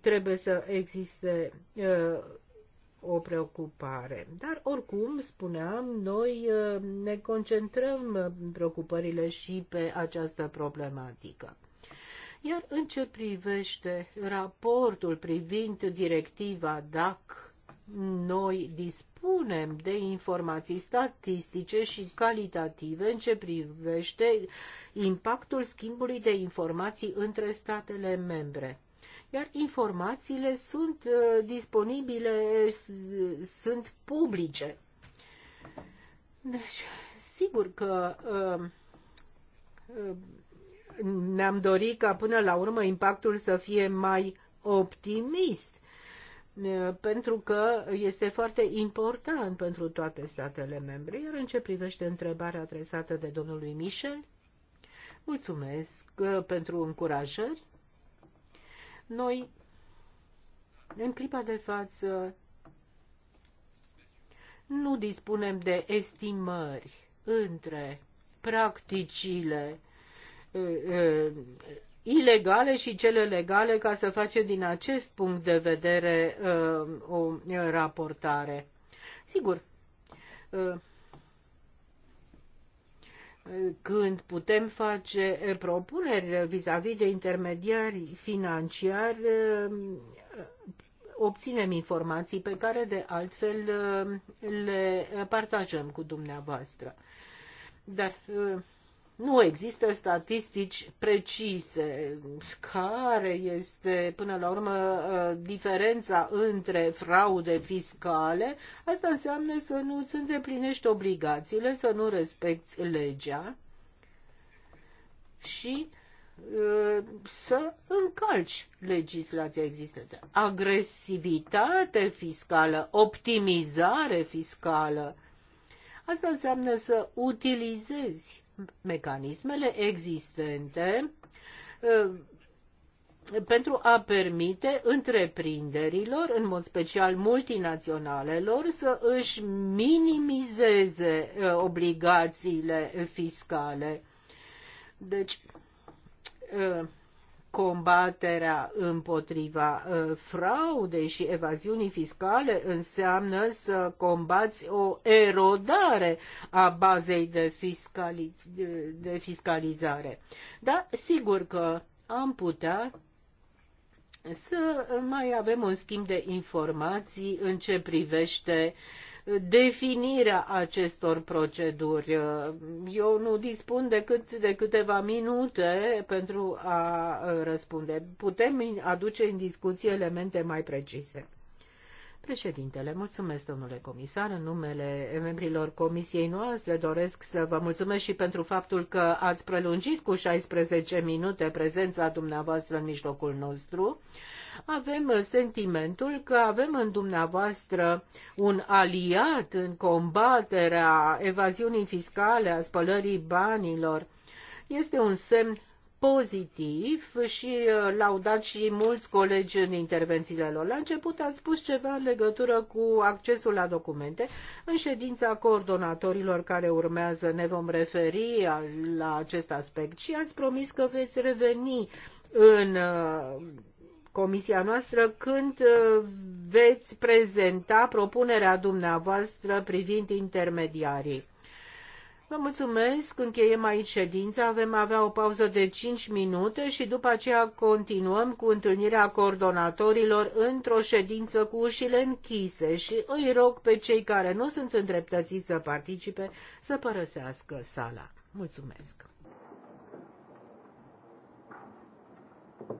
trebuie să existe o preocupare. Dar oricum, spuneam, noi uh, ne concentrăm uh, preocupările și pe această problematică. Iar în ce privește raportul privind directiva DAC, noi dispunem de informații statistice și calitative în ce privește impactul schimbului de informații între statele membre iar informațiile sunt uh, disponibile, sunt publice. Deci, sigur că uh, uh, ne-am dorit ca până la urmă impactul să fie mai optimist, pentru că este foarte important pentru toate statele membre. Iar în ce privește întrebarea adresată de domnului Michel, mulțumesc pentru încurajări. Noi, în clipa de față, nu dispunem de estimări între practicile uh, uh, ilegale și cele legale ca să facem din acest punct de vedere uh, o raportare. Sigur, uh, când putem face propuneri vis-a-vis -vis de intermediari financiari, obținem informații pe care de altfel le partajăm cu dumneavoastră. Dar nu există statistici precise care este, până la urmă, uh, diferența între fraude fiscale. Asta înseamnă să nu îți îndeplinești obligațiile, să nu respecti legea și uh, să încalci legislația existentă. Agresivitate fiscală, optimizare fiscală, asta înseamnă să utilizezi mecanismele existente uh, pentru a permite întreprinderilor, în mod special multinaționalelor, să își minimizeze uh, obligațiile fiscale. Deci, uh, combaterea împotriva uh, fraudei și evaziunii fiscale înseamnă să combați o erodare a bazei de, fiscali, de fiscalizare. Dar sigur că am putea să mai avem un schimb de informații în ce privește uh, definirea acestor proceduri. Eu nu dispun decât de câteva minute pentru a răspunde. Putem aduce în discuție elemente mai precise. Președintele, mulțumesc, domnule comisar, în numele membrilor comisiei noastre doresc să vă mulțumesc și pentru faptul că ați prelungit cu 16 minute prezența dumneavoastră în mijlocul nostru avem uh, sentimentul că avem în dumneavoastră un aliat în combaterea evaziunii fiscale, a spălării banilor. Este un semn pozitiv și uh, dat și mulți colegi în intervențiile lor. La început a spus ceva în legătură cu accesul la documente. În ședința coordonatorilor care urmează ne vom referi la acest aspect și ați promis că veți reveni în uh, comisia noastră când uh, veți prezenta propunerea dumneavoastră privind intermediarii. Vă mulțumesc, încheiem aici ședința, avem avea o pauză de 5 minute și după aceea continuăm cu întâlnirea coordonatorilor într-o ședință cu ușile închise și îi rog pe cei care nu sunt îndreptățiți să participe să părăsească sala. Mulțumesc!